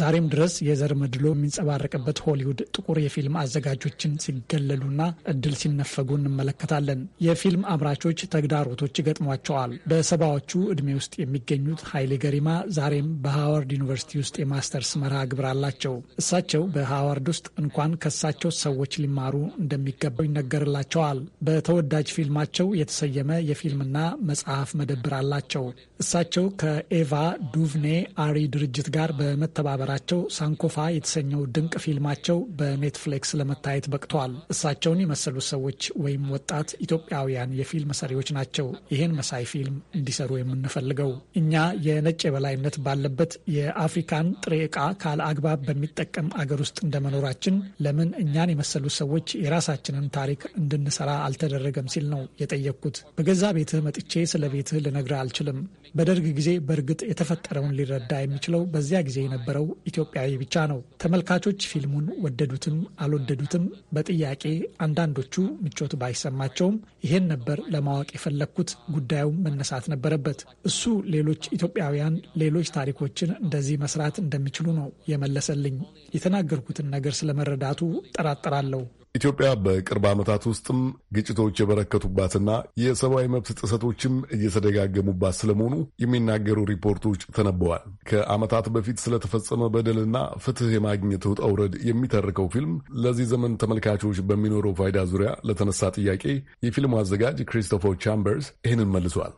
ዛሬም ድረስ የዘር መድሎ የሚንጸባረቅበት ሆሊውድ ጥቁር የፊልም አዘጋጆችን ሲገለሉና እድል ሲነፈጉ እንመለከታለን። የፊልም አምራቾች ተግዳሮቶች ይገጥሟቸዋል። በሰባዎቹ ዕድሜ ውስጥ የሚገኙት ኃይሌ ገሪማ ዛሬም በሃዋርድ ዩኒቨርሲቲ ውስጥ የማስተርስ መርሃ ግብር አላቸው። እሳቸው በሃዋርድ ውስጥ እንኳን ከሳቸው ሰዎች ሊማሩ እንደሚገባው ይነገርላቸዋል። በተወዳጅ ፊልማቸው የተሰየመ የፊልምና መጽሐፍ መደብር አላቸው። እሳቸው ከኤቫ ዱቭኔ አሪ ድርጅት ጋር በመተባበር ማህበራቸው ሳንኮፋ የተሰኘው ድንቅ ፊልማቸው በኔትፍሊክስ ለመታየት በቅተዋል። እሳቸውን የመሰሉ ሰዎች ወይም ወጣት ኢትዮጵያውያን የፊልም ሰሪዎች ናቸው ይህን መሳይ ፊልም እንዲሰሩ የምንፈልገው። እኛ የነጭ የበላይነት ባለበት የአፍሪካን ጥሬ ዕቃ ካለ አግባብ በሚጠቀም አገር ውስጥ እንደመኖራችን ለምን እኛን የመሰሉ ሰዎች የራሳችንን ታሪክ እንድንሰራ አልተደረገም ሲል ነው የጠየቅኩት። በገዛ ቤትህ መጥቼ ስለ ቤትህ ልነግር አልችልም። በደርግ ጊዜ በእርግጥ የተፈጠረውን ሊረዳ የሚችለው በዚያ ጊዜ የነበረው ኢትዮጵያዊ ብቻ ነው። ተመልካቾች ፊልሙን ወደዱትም አልወደዱትም በጥያቄ አንዳንዶቹ ምቾት ባይሰማቸውም ይሄን ነበር ለማወቅ የፈለግኩት። ጉዳዩም መነሳት ነበረበት። እሱ ሌሎች ኢትዮጵያውያን ሌሎች ታሪኮችን እንደዚህ መስራት እንደሚችሉ ነው የመለሰልኝ። የተናገርኩትን ነገር ስለመረዳቱ ጠራጠራለሁ። ኢትዮጵያ በቅርብ ዓመታት ውስጥም ግጭቶች የበረከቱባትና የሰብአዊ መብት ጥሰቶችም እየተደጋገሙባት ስለመሆኑ የሚናገሩ ሪፖርቶች ተነበዋል። ከዓመታት በፊት ስለተፈጸመ በደልና ፍትህ የማግኘት ውጣ ውረድ የሚተርከው ፊልም ለዚህ ዘመን ተመልካቾች በሚኖረው ፋይዳ ዙሪያ ለተነሳ ጥያቄ የፊልሙ አዘጋጅ ክሪስቶፈር ቻምበርስ ይህንን መልሷል።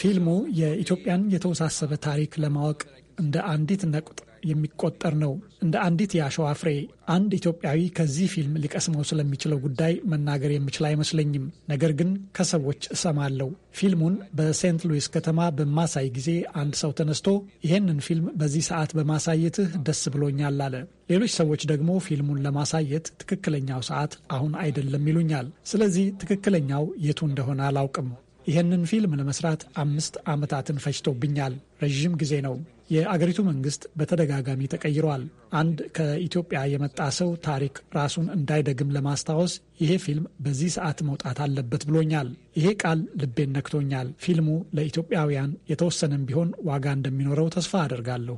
ፊልሙ የኢትዮጵያን የተወሳሰበ ታሪክ ለማወቅ እንደ አንዲት ነቁጥ የሚቆጠር ነው። እንደ አንዲት የአሸዋ ፍሬ አንድ ኢትዮጵያዊ ከዚህ ፊልም ሊቀስመው ስለሚችለው ጉዳይ መናገር የምችል አይመስለኝም። ነገር ግን ከሰዎች እሰማለሁ። ፊልሙን በሴንት ሉዊስ ከተማ በማሳይ ጊዜ አንድ ሰው ተነስቶ ይሄንን ፊልም በዚህ ሰዓት በማሳየትህ ደስ ብሎኛል አለ። ሌሎች ሰዎች ደግሞ ፊልሙን ለማሳየት ትክክለኛው ሰዓት አሁን አይደለም ይሉኛል። ስለዚህ ትክክለኛው የቱ እንደሆነ አላውቅም። ይህንን ፊልም ለመስራት አምስት ዓመታትን ፈጅቶብኛል። ረዥም ጊዜ ነው። የአገሪቱ መንግስት በተደጋጋሚ ተቀይሯል። አንድ ከኢትዮጵያ የመጣ ሰው ታሪክ ራሱን እንዳይደግም ለማስታወስ ይሄ ፊልም በዚህ ሰዓት መውጣት አለበት ብሎኛል። ይሄ ቃል ልቤን ነክቶኛል። ፊልሙ ለኢትዮጵያውያን የተወሰነም ቢሆን ዋጋ እንደሚኖረው ተስፋ አደርጋለሁ።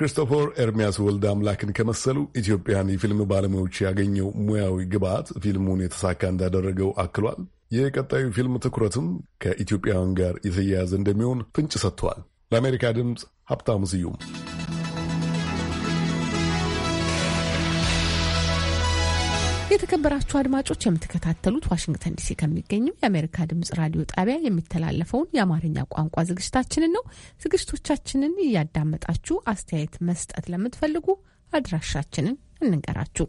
ክሪስቶፈር ኤርሚያስ ወልድ አምላክን ከመሰሉ ኢትዮጵያን የፊልም ባለሙያዎች ያገኘው ሙያዊ ግብዓት ፊልሙን የተሳካ እንዳደረገው አክሏል። የቀጣዩ ፊልም ትኩረትም ከኢትዮጵያውያን ጋር የተያያዘ እንደሚሆን ፍንጭ ሰጥቷል። ለአሜሪካ ድምፅ ሀብታሙ ስዩም። የተከበራችሁ አድማጮች የምትከታተሉት ዋሽንግተን ዲሲ ከሚገኘው የአሜሪካ ድምጽ ራዲዮ ጣቢያ የሚተላለፈውን የአማርኛ ቋንቋ ዝግጅታችንን ነው። ዝግጅቶቻችንን እያዳመጣችሁ አስተያየት መስጠት ለምትፈልጉ አድራሻችንን እንንገራችሁ።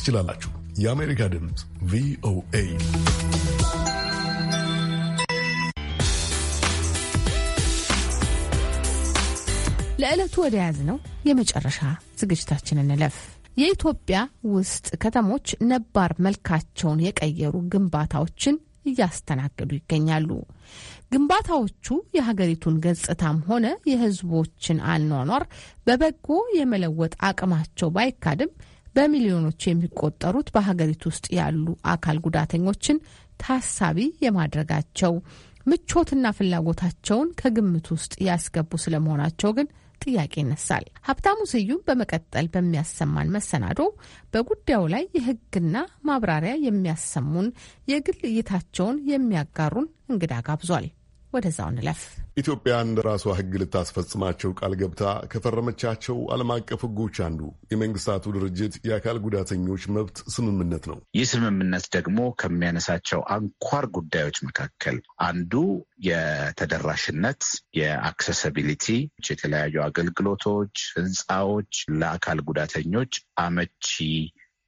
ትችላላችሁ። የአሜሪካ ድምፅ ቪኦኤ ለዕለቱ ወደ ያዝ ነው የመጨረሻ ዝግጅታችን እንለፍ። የኢትዮጵያ ውስጥ ከተሞች ነባር መልካቸውን የቀየሩ ግንባታዎችን እያስተናገዱ ይገኛሉ። ግንባታዎቹ የሀገሪቱን ገጽታም ሆነ የሕዝቦችን አኗኗር በበጎ የመለወጥ አቅማቸው ባይካድም በሚሊዮኖች የሚቆጠሩት በሀገሪቱ ውስጥ ያሉ አካል ጉዳተኞችን ታሳቢ የማድረጋቸው ምቾትና ፍላጎታቸውን ከግምት ውስጥ ያስገቡ ስለመሆናቸው ግን ጥያቄ ይነሳል። ሀብታሙ ስዩም በመቀጠል በሚያሰማን መሰናዶ በጉዳዩ ላይ የሕግና ማብራሪያ የሚያሰሙን የግል እይታቸውን የሚያጋሩን እንግዳ ጋብዟል። ወደዛው እንለፍ። ኢትዮጵያ እንደ ራሷ ሕግ ልታስፈጽማቸው ቃል ገብታ ከፈረመቻቸው ዓለም አቀፍ ሕጎች አንዱ የመንግስታቱ ድርጅት የአካል ጉዳተኞች መብት ስምምነት ነው። ይህ ስምምነት ደግሞ ከሚያነሳቸው አንኳር ጉዳዮች መካከል አንዱ የተደራሽነት፣ የአክሰሰቢሊቲ የተለያዩ አገልግሎቶች፣ ህንፃዎች ለአካል ጉዳተኞች አመቺ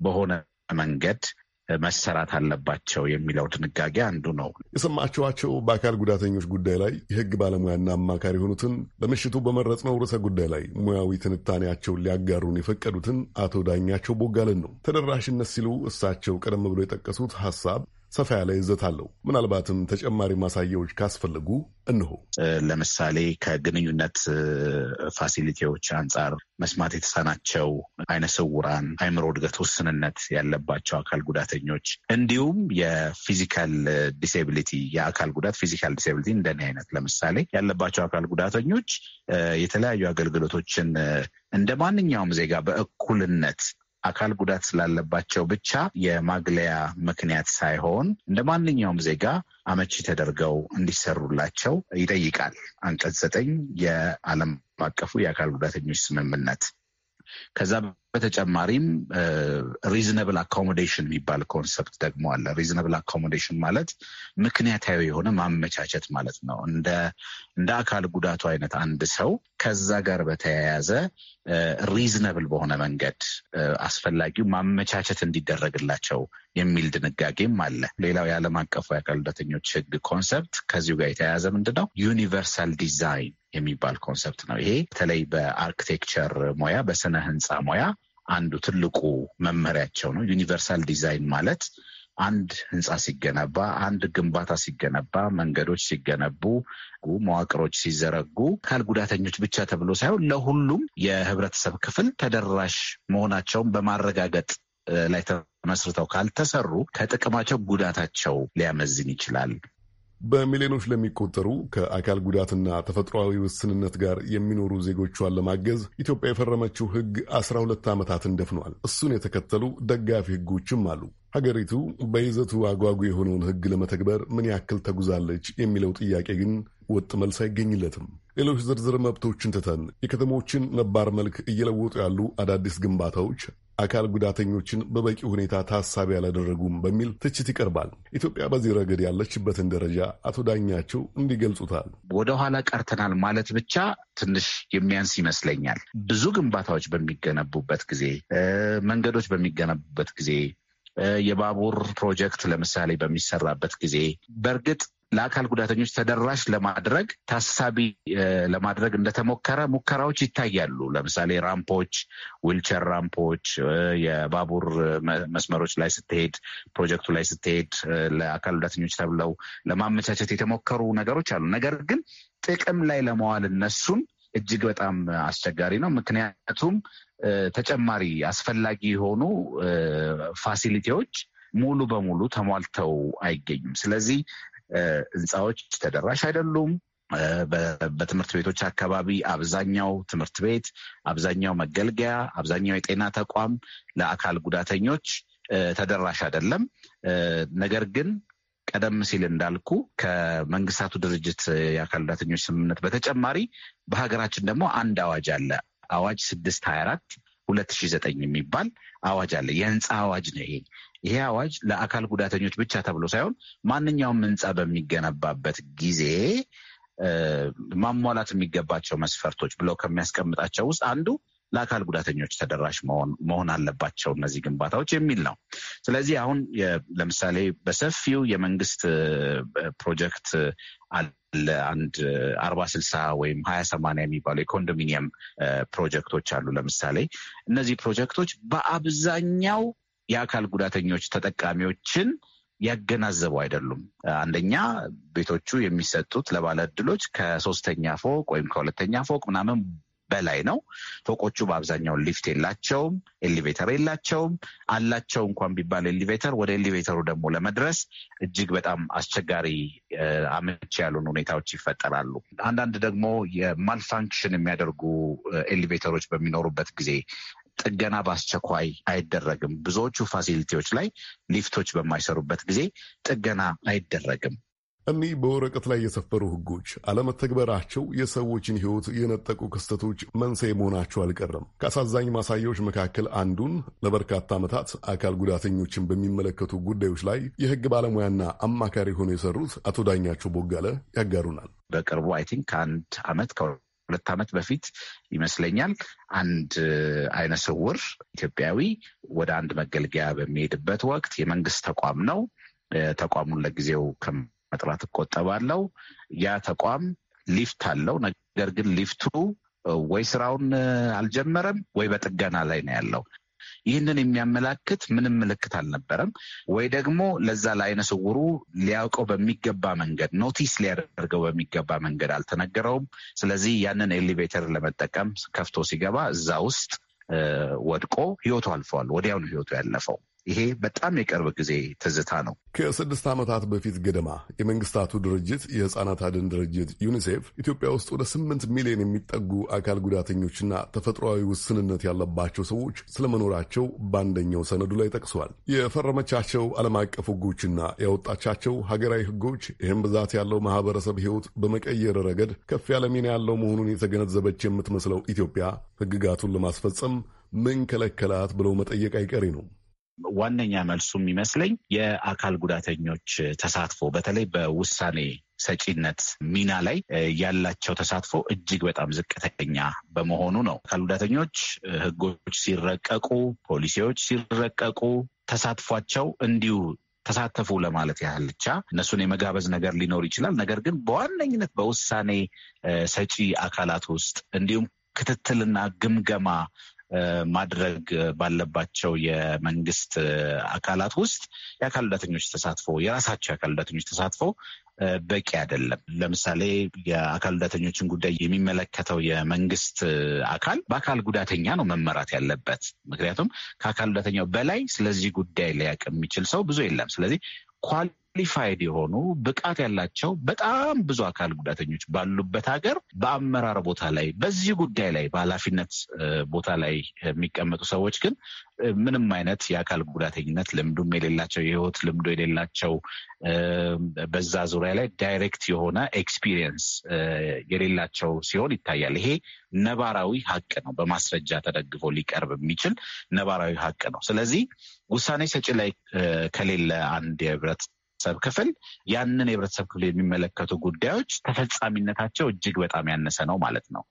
በሆነ መንገድ መሰራት አለባቸው የሚለው ድንጋጌ አንዱ ነው። የሰማችኋቸው በአካል ጉዳተኞች ጉዳይ ላይ የህግ ባለሙያና አማካሪ የሆኑትን ለምሽቱ በመረጽነው ርዕሰ ጉዳይ ላይ ሙያዊ ትንታኔያቸውን ሊያጋሩን የፈቀዱትን አቶ ዳኛቸው ቦጋልን ነው። ተደራሽነት ሲሉ እሳቸው ቀደም ብሎ የጠቀሱት ሀሳብ ሰፋ ያለ ይዘት አለው። ምናልባትም ተጨማሪ ማሳያዎች ካስፈለጉ እንሆ ለምሳሌ ከግንኙነት ፋሲሊቲዎች አንጻር መስማት የተሳናቸው፣ አይነ ስውራን፣ አይምሮ እድገት ውስንነት ያለባቸው አካል ጉዳተኞች እንዲሁም የፊዚካል ዲስኤቢሊቲ የአካል ጉዳት ፊዚካል ዲስኤቢሊቲ እንደኔ አይነት ለምሳሌ ያለባቸው አካል ጉዳተኞች የተለያዩ አገልግሎቶችን እንደ ማንኛውም ዜጋ በእኩልነት አካል ጉዳት ስላለባቸው ብቻ የማግለያ ምክንያት ሳይሆን እንደ ማንኛውም ዜጋ አመቺ ተደርገው እንዲሰሩላቸው ይጠይቃል አንቀጽ ዘጠኝ የዓለም አቀፉ የአካል ጉዳተኞች ስምምነት። ከዛ በተጨማሪም ሪዝነብል አኮሞዴሽን የሚባል ኮንሰፕት ደግሞ አለ። ሪዝነብል አኮሞዴሽን ማለት ምክንያታዊ የሆነ ማመቻቸት ማለት ነው። እንደ አካል ጉዳቱ አይነት አንድ ሰው ከዛ ጋር በተያያዘ ሪዝነብል በሆነ መንገድ አስፈላጊው ማመቻቸት እንዲደረግላቸው የሚል ድንጋጌም አለ። ሌላው የዓለም አቀፉ የአካል ጉዳተኞች ሕግ ኮንሰፕት ከዚሁ ጋር የተያያዘ ምንድን ነው? ዩኒቨርሳል ዲዛይን የሚባል ኮንሰፕት ነው። ይሄ በተለይ በአርክቴክቸር ሙያ፣ በስነ ህንፃ ሙያ አንዱ ትልቁ መመሪያቸው ነው። ዩኒቨርሳል ዲዛይን ማለት አንድ ህንፃ ሲገነባ፣ አንድ ግንባታ ሲገነባ፣ መንገዶች ሲገነቡ፣ መዋቅሮች ሲዘረጉ አካል ጉዳተኞች ብቻ ተብሎ ሳይሆን ለሁሉም የህብረተሰብ ክፍል ተደራሽ መሆናቸውን በማረጋገጥ ላይ ተመስርተው ካልተሰሩ ከጥቅማቸው ጉዳታቸው ሊያመዝን ይችላል። በሚሊዮኖች ለሚቆጠሩ ከአካል ጉዳትና ተፈጥሯዊ ውስንነት ጋር የሚኖሩ ዜጎቿን ለማገዝ ኢትዮጵያ የፈረመችው ሕግ አስራ ሁለት ዓመታትን ደፍኗል። እሱን የተከተሉ ደጋፊ ሕጎችም አሉ። ሀገሪቱ በይዘቱ አጓጉ የሆነውን ሕግ ለመተግበር ምን ያክል ተጉዛለች የሚለው ጥያቄ ግን ወጥ መልስ አይገኝለትም። ሌሎች ዝርዝር መብቶችን ትተን የከተሞችን ነባር መልክ እየለወጡ ያሉ አዳዲስ ግንባታዎች አካል ጉዳተኞችን በበቂ ሁኔታ ታሳቢ አላደረጉም በሚል ትችት ይቀርባል። ኢትዮጵያ በዚህ ረገድ ያለችበትን ደረጃ አቶ ዳኛቸው እንዲገልጹታል። ወደኋላ ቀርተናል ማለት ብቻ ትንሽ የሚያንስ ይመስለኛል። ብዙ ግንባታዎች በሚገነቡበት ጊዜ፣ መንገዶች በሚገነቡበት ጊዜ፣ የባቡር ፕሮጀክት ለምሳሌ በሚሰራበት ጊዜ በእርግጥ ለአካል ጉዳተኞች ተደራሽ ለማድረግ ታሳቢ ለማድረግ እንደተሞከረ ሙከራዎች ይታያሉ። ለምሳሌ ራምፖች፣ ዊልቸር ራምፖች የባቡር መስመሮች ላይ ስትሄድ፣ ፕሮጀክቱ ላይ ስትሄድ ለአካል ጉዳተኞች ተብለው ለማመቻቸት የተሞከሩ ነገሮች አሉ። ነገር ግን ጥቅም ላይ ለመዋል እነሱን እጅግ በጣም አስቸጋሪ ነው። ምክንያቱም ተጨማሪ አስፈላጊ የሆኑ ፋሲሊቲዎች ሙሉ በሙሉ ተሟልተው አይገኙም። ስለዚህ ህንፃዎች ተደራሽ አይደሉም። በትምህርት ቤቶች አካባቢ አብዛኛው ትምህርት ቤት፣ አብዛኛው መገልገያ፣ አብዛኛው የጤና ተቋም ለአካል ጉዳተኞች ተደራሽ አይደለም። ነገር ግን ቀደም ሲል እንዳልኩ ከመንግስታቱ ድርጅት የአካል ጉዳተኞች ስምምነት በተጨማሪ በሀገራችን ደግሞ አንድ አዋጅ አለ። አዋጅ ስድስት ሀያ አራት ሁለት ሺ ዘጠኝ የሚባል አዋጅ አለ። የህንፃ አዋጅ ነው ይሄ። ይሄ አዋጅ ለአካል ጉዳተኞች ብቻ ተብሎ ሳይሆን ማንኛውም ህንፃ በሚገነባበት ጊዜ ማሟላት የሚገባቸው መስፈርቶች ብሎ ከሚያስቀምጣቸው ውስጥ አንዱ ለአካል ጉዳተኞች ተደራሽ መሆን አለባቸው እነዚህ ግንባታዎች የሚል ነው። ስለዚህ አሁን ለምሳሌ በሰፊው የመንግስት ፕሮጀክት አለ አንድ አርባ ስልሳ ወይም ሀያ ሰማንያ የሚባሉ የኮንዶሚኒየም ፕሮጀክቶች አሉ። ለምሳሌ እነዚህ ፕሮጀክቶች በአብዛኛው የአካል ጉዳተኞች ተጠቃሚዎችን ያገናዘቡ አይደሉም። አንደኛ ቤቶቹ የሚሰጡት ለባለ እድሎች ከሶስተኛ ፎቅ ወይም ከሁለተኛ ፎቅ ምናምን በላይ ነው። ፎቆቹ በአብዛኛው ሊፍት የላቸውም፣ ኤሊቬተር የላቸውም። አላቸው እንኳን ቢባል ኤሊቬተር ወደ ኤሊቬተሩ ደግሞ ለመድረስ እጅግ በጣም አስቸጋሪ፣ አመቺ ያሉን ሁኔታዎች ይፈጠራሉ። አንዳንድ ደግሞ የማልፋንክሽን የሚያደርጉ ኤሊቬተሮች በሚኖሩበት ጊዜ ጥገና በአስቸኳይ አይደረግም። ብዙዎቹ ፋሲሊቲዎች ላይ ሊፍቶች በማይሰሩበት ጊዜ ጥገና አይደረግም። እኒህ በወረቀት ላይ የሰፈሩ ህጎች አለመተግበራቸው የሰዎችን ህይወት የነጠቁ ክስተቶች መንስኤ መሆናቸው አልቀረም። ከአሳዛኝ ማሳያዎች መካከል አንዱን ለበርካታ ዓመታት አካል ጉዳተኞችን በሚመለከቱ ጉዳዮች ላይ የህግ ባለሙያና አማካሪ ሆኖ የሰሩት አቶ ዳኛቸው ቦጋለ ያጋሩናል። በቅርቡ አይ ቲንክ ከአንድ ዓመት ሁለት ዓመት በፊት ይመስለኛል አንድ አይነ ስውር ኢትዮጵያዊ ወደ አንድ መገልገያ በሚሄድበት ወቅት የመንግስት ተቋም ነው ተቋሙን ለጊዜው መጥራት እቆጠባለው። ያ ተቋም ሊፍት አለው። ነገር ግን ሊፍቱ ወይ ስራውን አልጀመረም ወይ በጥገና ላይ ነው ያለው። ይህንን የሚያመላክት ምንም ምልክት አልነበረም። ወይ ደግሞ ለዛ ለዓይነ ስውሩ ሊያውቀው በሚገባ መንገድ ኖቲስ ሊያደርገው በሚገባ መንገድ አልተነገረውም። ስለዚህ ያንን ኤሊቬተር ለመጠቀም ከፍቶ ሲገባ እዛ ውስጥ ወድቆ ህይወቱ አልፈዋል። ወዲያውኑ ህይወቱ ያለፈው ይሄ በጣም የቅርብ ጊዜ ትዝታ ነው። ከስድስት ዓመታት በፊት ገደማ የመንግስታቱ ድርጅት የህፃናት አድን ድርጅት ዩኒሴፍ ኢትዮጵያ ውስጥ ወደ ስምንት ሚሊዮን የሚጠጉ አካል ጉዳተኞችና ተፈጥሯዊ ውስንነት ያለባቸው ሰዎች ስለመኖራቸው በአንደኛው ሰነዱ ላይ ጠቅሰዋል። የፈረመቻቸው ዓለም አቀፍ ህጎችና ያወጣቻቸው ሀገራዊ ህጎች ይህም ብዛት ያለው ማህበረሰብ ህይወት በመቀየር ረገድ ከፍ ያለ ሚና ያለው መሆኑን የተገነዘበች የምትመስለው ኢትዮጵያ ህግጋቱን ለማስፈጸም ምን ከለከላት ብለው መጠየቅ አይቀሬ ነው። ዋነኛ መልሱ የሚመስለኝ የአካል ጉዳተኞች ተሳትፎ በተለይ በውሳኔ ሰጪነት ሚና ላይ ያላቸው ተሳትፎ እጅግ በጣም ዝቅተኛ በመሆኑ ነው። አካል ጉዳተኞች ሕጎች ሲረቀቁ፣ ፖሊሲዎች ሲረቀቁ ተሳትፏቸው እንዲሁ ተሳተፉ ለማለት ያህል ብቻ እነሱን የመጋበዝ ነገር ሊኖር ይችላል። ነገር ግን በዋነኝነት በውሳኔ ሰጪ አካላት ውስጥ እንዲሁም ክትትልና ግምገማ ማድረግ ባለባቸው የመንግስት አካላት ውስጥ የአካል ጉዳተኞች ተሳትፎ የራሳቸው የአካል ጉዳተኞች ተሳትፎ በቂ አይደለም። ለምሳሌ የአካል ጉዳተኞችን ጉዳይ የሚመለከተው የመንግስት አካል በአካል ጉዳተኛ ነው መመራት ያለበት። ምክንያቱም ከአካል ጉዳተኛው በላይ ስለዚህ ጉዳይ ሊያቅ የሚችል ሰው ብዙ የለም። ስለዚህ ኳል ኳሊፋይድ የሆኑ ብቃት ያላቸው በጣም ብዙ አካል ጉዳተኞች ባሉበት ሀገር በአመራር ቦታ ላይ በዚህ ጉዳይ ላይ በኃላፊነት ቦታ ላይ የሚቀመጡ ሰዎች ግን ምንም አይነት የአካል ጉዳተኝነት ልምዱም የሌላቸው የህይወት ልምዶ የሌላቸው በዛ ዙሪያ ላይ ዳይሬክት የሆነ ኤክስፒሪየንስ የሌላቸው ሲሆን ይታያል። ይሄ ነባራዊ ሀቅ ነው። በማስረጃ ተደግፎ ሊቀርብ የሚችል ነባራዊ ሀቅ ነው። ስለዚህ ውሳኔ ሰጪ ላይ ከሌለ አንድ የህብረት የህብረተሰብ ክፍል ያንን የህብረተሰብ ክፍል የሚመለከቱ ጉዳዮች ተፈጻሚነታቸው እጅግ በጣም ያነሰ ነው ማለት ነው።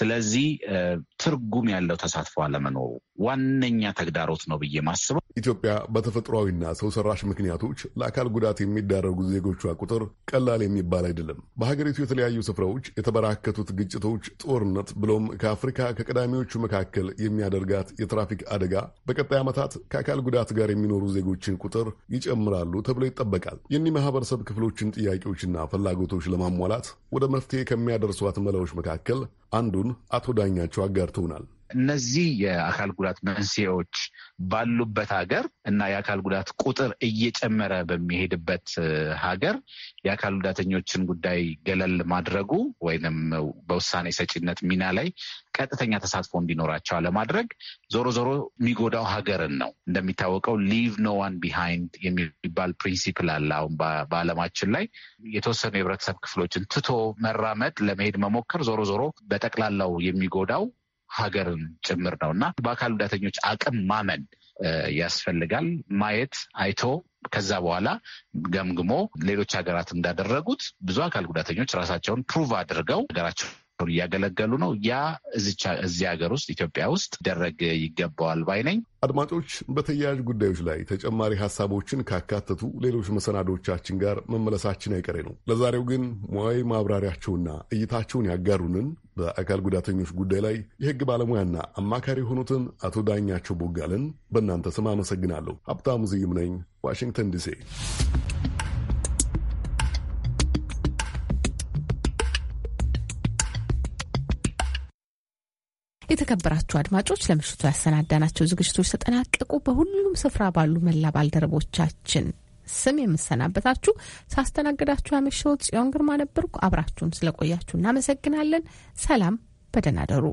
ስለዚህ ትርጉም ያለው ተሳትፎ አለመኖሩ ዋነኛ ተግዳሮት ነው ብዬ ማስበው። ኢትዮጵያ በተፈጥሯዊና ሰው ሰራሽ ምክንያቶች ለአካል ጉዳት የሚዳረጉ ዜጎቿ ቁጥር ቀላል የሚባል አይደለም። በሀገሪቱ የተለያዩ ስፍራዎች የተበራከቱት ግጭቶች፣ ጦርነት ብሎም ከአፍሪካ ከቀዳሚዎቹ መካከል የሚያደርጋት የትራፊክ አደጋ በቀጣይ ዓመታት ከአካል ጉዳት ጋር የሚኖሩ ዜጎችን ቁጥር ይጨምራሉ ተብሎ ይጠበቃል። ይጠይቃል። የኒህ ማህበረሰብ ክፍሎችን ጥያቄዎችና ፍላጎቶች ለማሟላት ወደ መፍትሄ ከሚያደርሷት መላዎች መካከል አንዱን አቶ ዳኛቸው አጋርተውናል። እነዚህ የአካል ጉዳት መንስኤዎች ባሉበት ሀገር እና የአካል ጉዳት ቁጥር እየጨመረ በሚሄድበት ሀገር የአካል ጉዳተኞችን ጉዳይ ገለል ማድረጉ ወይም በውሳኔ ሰጪነት ሚና ላይ ቀጥተኛ ተሳትፎ እንዲኖራቸው አለማድረግ ዞሮ ዞሮ የሚጎዳው ሀገርን ነው። እንደሚታወቀው ሊቭ ኖ ዋን ቢሃይንድ የሚባል ፕሪንሲፕል አለ። አሁን በዓለማችን ላይ የተወሰኑ የህብረተሰብ ክፍሎችን ትቶ መራመድ ለመሄድ መሞከር ዞሮ ዞሮ በጠቅላላው የሚጎዳው ሀገርን ጭምር ነው እና በአካል ጉዳተኞች አቅም ማመን ያስፈልጋል። ማየት አይቶ ከዛ በኋላ ገምግሞ ሌሎች ሀገራት እንዳደረጉት ብዙ አካል ጉዳተኞች ራሳቸውን ፕሩቭ አድርገው ሀገራቸው ተከፋፍሎ እያገለገሉ ነው። ያ እዚህ ሀገር ውስጥ ኢትዮጵያ ውስጥ ደረግ ይገባዋል ባይ ነኝ። አድማጮች፣ በተያያዥ ጉዳዮች ላይ ተጨማሪ ሀሳቦችን ካካተቱ ሌሎች መሰናዶቻችን ጋር መመለሳችን አይቀሬ ነው። ለዛሬው ግን ሙያዊ ማብራሪያቸውና እይታቸውን ያጋሩንን በአካል ጉዳተኞች ጉዳይ ላይ የሕግ ባለሙያና አማካሪ የሆኑትን አቶ ዳኛቸው ቦጋልን በእናንተ ስም አመሰግናለሁ። ሀብታሙ ዝይም ነኝ፣ ዋሽንግተን ዲሲ። የተከበራችሁ አድማጮች ለምሽቱ ያሰናዳናቸው ዝግጅቶች ተጠናቀቁ። በሁሉም ስፍራ ባሉ መላ ባልደረቦቻችን ስም የምሰናበታችሁ ሳስተናግዳችሁ ያመሸሁት ጽዮን ግርማ ነበርኩ። አብራችሁን ስለቆያችሁ እናመሰግናለን። ሰላም፣ በደህና ደሩ።